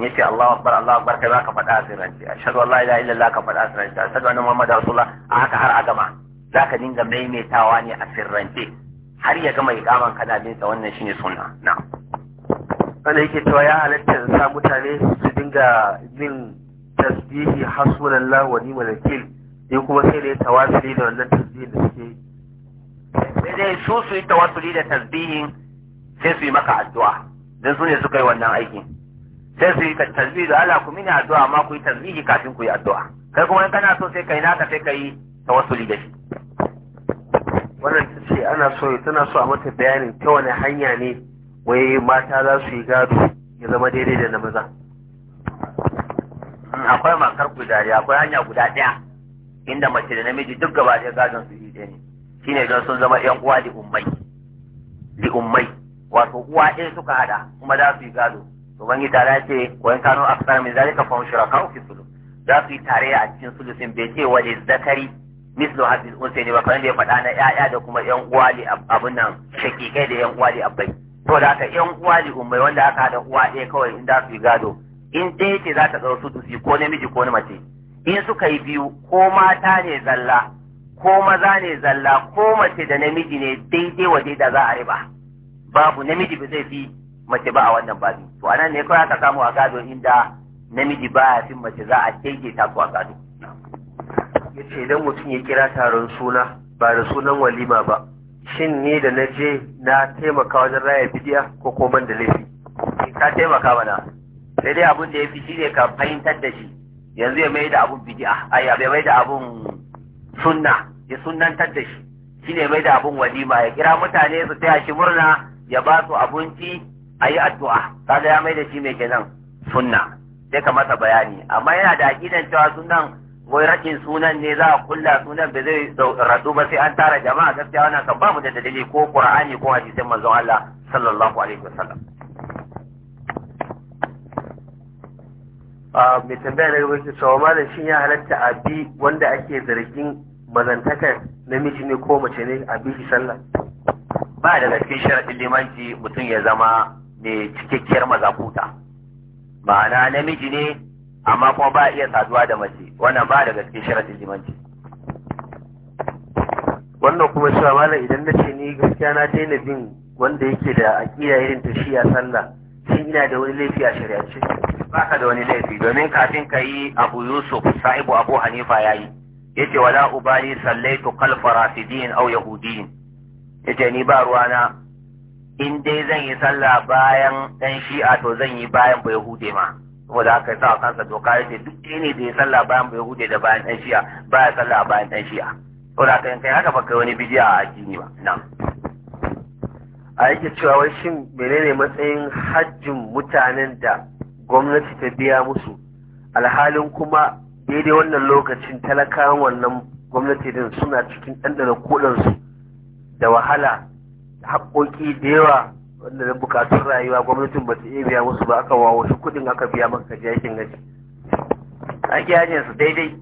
ya ce Allahu akbar Allahu akbar kai ka faɗa a sirrance ashhadu an la ilaha illallah ka faɗa a sirrance ashhadu anna muhammadar rasulullah a haka har a gama zaka dinga maimaitawa ne a sirrance har ya gama ikaman kana bin sa wannan shine sunna na wanda yake cewa ya halatta sa mutane su dinga bin tasbihi hasbunallahu wa ni'mal wakil in kuma sai da ya da wannan tasbihin da suke sai dai su su yi tawassuli da tasbihin sai su yi maka addu'a dan su ne suka yi wannan aikin sai su yi tasbihi da Allah ku mini addu'a amma ku yi tasbihi kafin ku yi addu'a kai kuma in kana so sai kai naka sai kai tawassuli da shi wannan ce ana so tana so a mata bayani ta wani hanya ne wai mata za su yi gado ya zama daidai da na maza hmm, akwai makar guda akwai hanya guda ɗaya inda mace da namiji duk gaba ɗaya gadon su yi ne shine don sun zama yan uwa li ummai li ummai wato uwa ɗaya suka hada kuma za su yi gado to bangi tare ce wa in kanu aksar min zalika fa shuraka fi sulu za su yi tare a cikin sun bai ce wani zakari mislu hadil unsa ne ba kamar da ya faɗa na ƴaƴa da kuma yan uwa li abun nan shakikai da yan uwa li abbai to da haka yan uwa li ummai wanda aka hada uwa ɗaya kawai in za su yi gado in ɗaya ce za ta ɗau su ko namiji ko na mace in suka yi biyu ko mata ne zalla ko maza ne zalla ko mace da namiji ne daidai waje da za a riba babu namiji ba zai fi mace ba a wannan babu to anan ne kawai aka samu a gado inda namiji ba ya fin mace za a ta ko a gado yace idan mutum ya kira taron suna ba da sunan walima ba shin ni da na je na taimaka wajen raya bidiya ko koman da laifi eh, ka taimaka mana sai dai abun da ya fi shi ne ka fahimtar da shi yanzu ya mai da abun bidiya ai ya mai da abun sunna ya sunantar da shi ne mai da abun walima ya kira mutane su taya shi murna ya ba su abinci a yi addu'a kaga ya mai da shi mai kenan sunna sai ka masa bayani amma yana da aqidan cewa sunan wai rakin sunan ne za a kulla sunan ba zai radu ba sai an tara jama'a gaskiya wannan kan bamu da dalili ko qur'ani ko hadisin manzon Allah sallallahu alaihi wasallam a ah, mai tambaya daga wani cewa shin ya halatta a bi wanda ake zargin Mazantakar namiji ne ko mace ne a bihi sallah ba da cikin sharadin limanci mutum ya zama mai cikakkiyar mazakuta ma'ana namiji ne amma kuma ba iya saduwa da mace wannan ba da cikin sharadin limanci wannan kuma cewa malam idan na ce ni gaskiya na daina bin wanda yake da aqida irin ta shiya a sallah shin ina da wani laifi a shari'ance ba ka da wani laifi domin kafin ka yi abu yusuf sahibu abu hanifa ya yi yace wala ubali sallaitu khalfa rafidin aw yahudin yace ni ba ruwana in dai zan yi sallah bayan dan shi'a to zan yi bayan ba yahude ma saboda haka sa kansa doka yace duk ne da ya sallah bayan ba yahude da bayan dan shi'a baya sallah bayan dan shi'a saboda haka in kai haka baka kai wani bidiya a addini ba na'am a yake cewa wai shin menene matsayin hajjin mutanen da gwamnati ta biya musu alhalin kuma daidai wannan lokacin talakawan wannan gwamnati din suna cikin ɗanɗana kuɗinsu da wahala da haƙoƙi da yawa wanda na buƙatun rayuwa gwamnatin ba su iya biya musu ba aka wawo shi kuɗin aka biya maka jakin gaji Aikin hajjin su daidai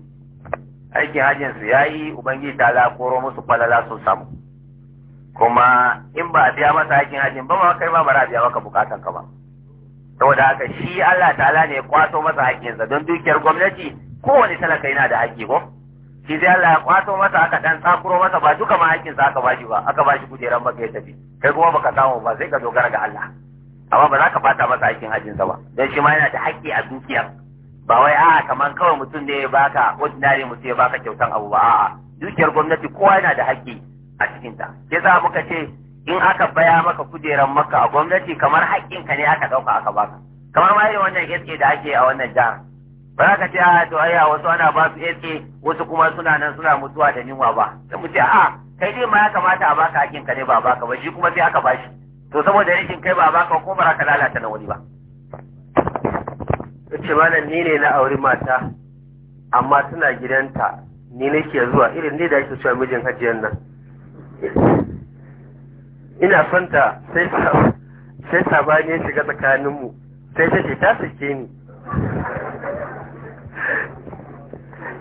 aikin hajjin su ya yi ubangiji ta lakoro musu falala sun samu kuma in ba a biya masa aikin hajjin ba ma kai ma ba a biya maka bukatan ka ba saboda haka shi Allah ta'ala ne ya kwato masa haƙƙinsa don dukiyar gwamnati kowane talaka yana da haƙƙi ko shi zai Allah ya kwato masa aka dan tsakuro masa ba duka ma haƙƙin sa aka bashi ba aka bashi kujeran maka ya tafi kai kuma baka samu ba sai ka dogara ga Allah amma ba za ka bata masa haƙƙin hajjin sa ba dan shi ma yana da haƙƙi a dukiyar ba wai a kamar kawai mutum ne ya baka ordinary mutum ya baka kyautan abu ba a'a dukiyar gwamnati kowa yana da haƙƙi a cikin ta za muka ce in aka baya maka kujeran maka a gwamnati kamar haƙƙinka ne aka ɗauka aka baka kamar ma irin wannan gaske da ake a wannan jihar ba ka ce a to ai wasu ana ba su yake wasu kuma suna nan suna mutuwa da yunwa ba sai mu ce a kai dai ma ya kamata a baka hakin ka ne ba baka ba shi kuma sai aka bashi to saboda rikin kai ba baka ko ba ka lalata na wani ba ce malam ni ne na auri mata amma suna gidanta ni nake zuwa irin ne da ake cewa mijin hajiyar nan ina son ta sai sai sabani ya shiga tsakaninmu sai ta ce ta sake ni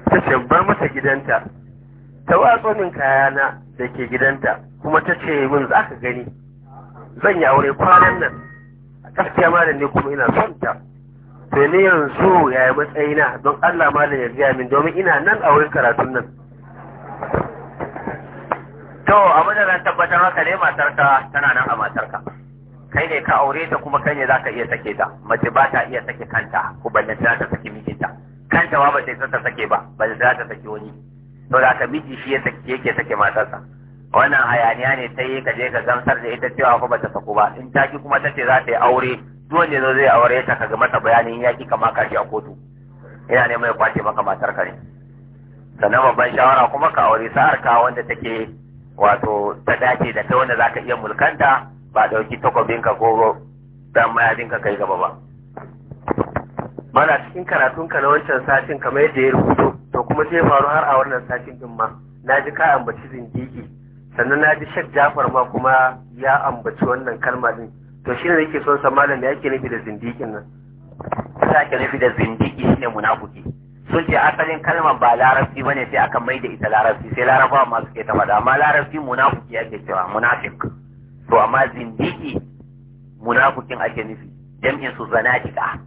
ta ce bar mata gidanta ta watsa min kayana da ke gidanta kuma ta ce min za ka gani zan yi aure kwanan nan a gaskiya da ne kuma ina son ta to ni yanzu ya yi matsayina don Allah da ya gaya min domin ina nan a wurin karatun nan to a da tabbatar maka ne matarka tana nan a matarka kai ne ka aure ta kuma kai ne za ka iya sake ta mace ba ta iya sake kanta ko balle ta ta saki mijinta kanta ba sai ta sake ba ba za ta sake wani to da ka miji shi ya sake yake sake matarsa wannan hayaniya ne ta yi ka je ka gamsar da ita cewa fa ba ta sako ba in ta ki kuma ta ce za ta yi aure duk ne zo zai aure ta kaga mata bayanin ya ki kama a kotu ina ne mai kwace maka matar ka ne sannan babban shawara kuma ka aure sa'ar ka wanda take wato ta dace da kai wanda zaka iya mulkanta ba dauki takobinka ko dan mayafinka kai gaba ba mana cikin karatunka na wancan satin kamar yadda ya rubuto to kuma zai faru har a wannan satin din ma na ji ka ambaci zindigi sannan na ji shek jafar ma kuma ya ambaci wannan kalma din to shi ne nake son sa malam ya ke nufi da zindigin nan ta ke nufi da zindigi shine munafiki sun ce asalin kalmar ba larabci bane sai aka mai da ita larabci sai larabawa masu ke ta faɗa amma larabci munafiki ake cewa munafik to amma zindigi munafikin ake nufi jam'in su zanatika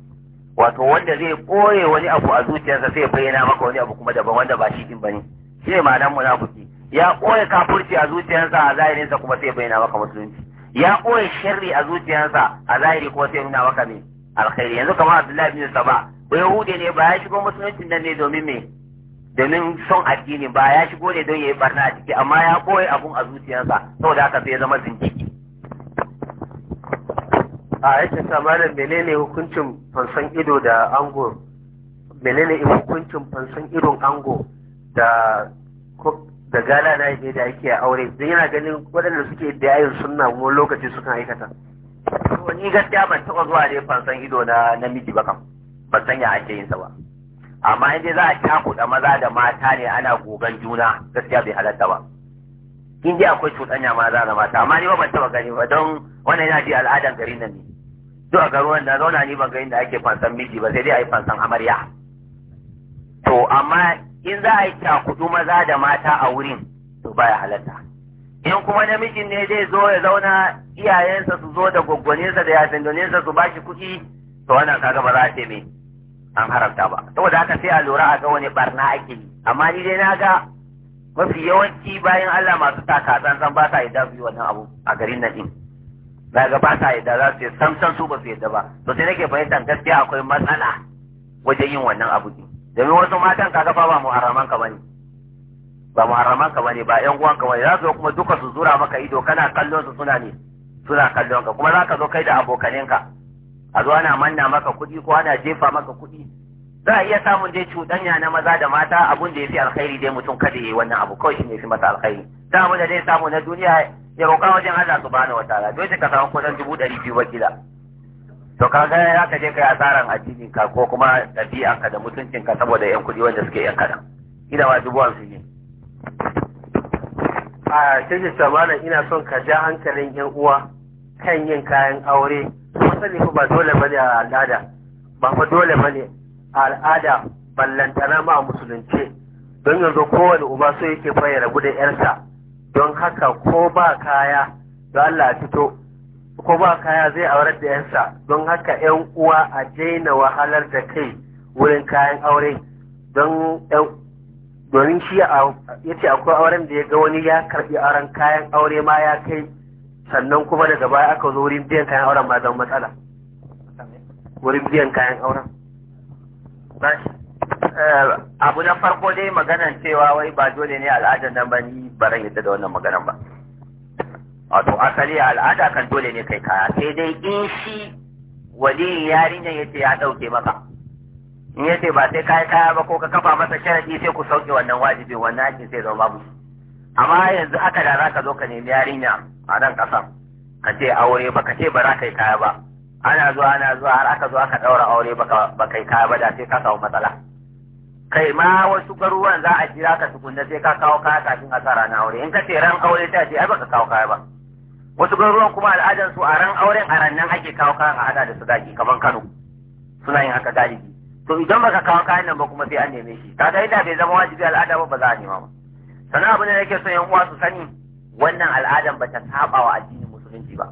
wato wanda zai koye wani abu a zuciyarsa sai bayyana maka wani abu kuma daban wanda ba shi din bane shi ne ma'anar munafiki ya koye kafurci a zuciyarsa a zahirinsa kuma sai bayyana maka musulunci ya koye sharri a zuciyarsa a zahiri kuma sai nuna maka me alkhairi yanzu kamar Abdullahi bin Saba ba Yahudi ne ba ya shigo musulunci nan ne domin me domin son addini ba ya shigo ne don yayi barna a ciki amma ya koye abun a zuciyarsa saboda haka sai ya zama zinciki a yake samanin, menene hukuncin fansan ido da ango menene hukuncin fansan idon ango da da gala na yake da ake a aure don yana ganin waɗanda suke da yayin sunna mu lokaci sukan aikata to ni gaskiya ban taɓa zuwa dai fansan ido na namiji ba kam ban san ya ake yin sa ba amma in dai za a cakuɗa maza da mata ne ana gogan juna gaskiya bai halatta ba in ji akwai cuɗanya ma za mata amma ni ba ban taɓa gani ba don wannan yana ji al'adan garin nan ne to a garuwan na zauna ni ban gani da ake fansan miji ba sai dai a yi fansan amarya to amma in za a yi cakudu maza da mata a wurin to baya halatta in kuma namijin ne zai zo ya zauna iyayensa su zo da gwaggwaninsa da yasindoninsa su ba shi kuɗi to wannan kaga ba za a ce me an haramta ba saboda haka sai a lura a ga wani barna ake yi amma ni dai na ga mafi yawanci bayan Allah masu taka tsantsan ba sa yadda su yi wannan abu a garin nan din ga ba sa yadda za su yi samsan su ba su yadda ba to sai nake fahimtar gaskiya akwai matsala wajen yin wannan abu din domin wasu matan kaga ba mu haraman ka bane ba mu haraman ka bane ba yan uwan ka bane za su kuma duka su zura maka ido kana kallon su suna ne suna kallon ka kuma za ka zo kai da abokaninka a zo ana manna maka kuɗi ko ana jefa maka kuɗi za a iya samun dai cuɗanya na maza da mata abun da ya fi alkhairi dai mutum kada ya yi wannan abu kawai shi ne fi masa alkhairi da mu da zai samu na duniya ya roƙa wajen Allah subhanahu wa ta'ala dole ka samu kudin dubu ɗari biyu gida. to ka ga ya ka je kai asaran addinin ka ko kuma ɗabi'an ka da mutuncin ka saboda yan kuɗi wanda suke yan kaɗan ina ma dubu hamsin ne. a cikin samanin ina son ka ja hankalin yan uwa kan yin kayan aure kuma sani ba dole bane a al'ada ba fa dole bane a al'ada ballantana ma a musulunce don yanzu kowane uba so yake faya rabu da yarsa don haka ko ba kaya don Allah a fito ko ba kaya zai aurar da yarsa don haka yan uwa a daina wahalar da kai wurin kayan aure don domin shi ya ce akwai auren da ya ga wani ya karɓi auren kayan aure ma ya kai sannan kuma daga baya aka zo wurin biyan kayan auren ma zan matsala wurin biyan kayan auren Eh, abu na farko dai maganan cewa wai ba dole ne al'ada nan ba ni ba yadda da wannan maganan ba wato asali al'ada kan dole ne kai kaya sai dai in shi wali yarinyar yace ya dauke maka in yace ba sai kai kaya ba ko ka kafa masa sharadi sai ku sauke wannan wajibi wannan hakin sai zama babu amma yanzu haka da zaka zo ka nemi yarinya a nan kasa ka ce aure ba ka ce ba za ka yi kaya ba ana zuwa ana zuwa har aka zo aka daura aure ba kai kaya ba da sai ka kawo matsala kai ma wasu garuruwan za a jira ka tukunna sai ka kawo kaya kafin a sa ranar aure in ka ce ran aure ta ce ai baka kawo kaya ba wasu garuruwan kuma al'adar su a ran auren a ran nan ake kawo kayan a hada da su daki kamar Kano suna yin haka galibi to idan baka kawo kayan nan ba kuma sai an neme shi kaga inda bai zama wajibi al'ada ba ba za a nema ba sannan abin da nake son yan uwa su sani wannan al'adan ba ta saba wa addinin musulunci ba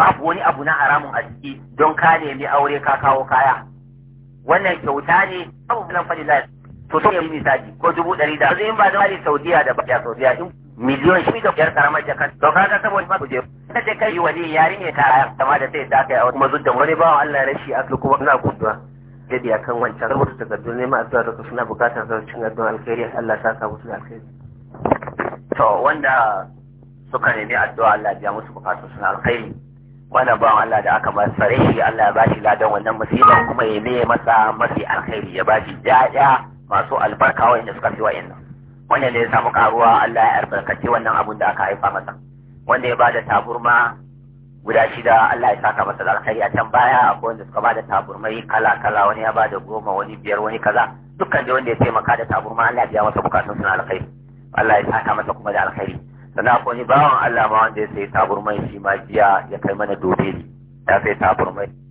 babu wani abu na haramun a ciki don ka nemi aure ka kawo kaya wannan kyauta ne abu nan fadi lai to sai ya yi misali ko dubu ɗari da yanzu in ba da saudiya da ba saudiya in miliyon shi da biyar karamar jaka to ka ga saboda ma kuje ta je kai wani yari ne ta ayar kama da sai da kai a kuma zudda wani ba Allah rashi a kuma na kuduwa jadi akan wancan rubutu rubuta takardun ma addu'a da suna bukatar zarcin addu'a alkhairi Allah ta saka musu alkhairi to wanda suka nemi addu'a Allah ya musu bukatun suna alkhairi wannan bawan Allah da aka masare shi Allah ya bashi ladan wannan musibar kuma ya ne masa mafi alkhairi ya bashi ya'ya masu albarka wa'inda suka fi wa'in wannan da ya samu karuwa Allah ya albarkace wannan abun da aka haifa masa wanda ya bada taburma guda shida Allah ya saka masa da alkhairi a can baya akwai wanda suka bada taburmai kala kala wani ya bada goma wani biyar wani kaza dukkan da wanda ya taimaka da taburma Allah ya biya masa bukatun suna alkhairi Allah ya saka masa kuma da alkhairi sannan akwai wani bawan Allah ma wanda ya sai mai shi ma jiya ya kai mana dobe ya sai mai.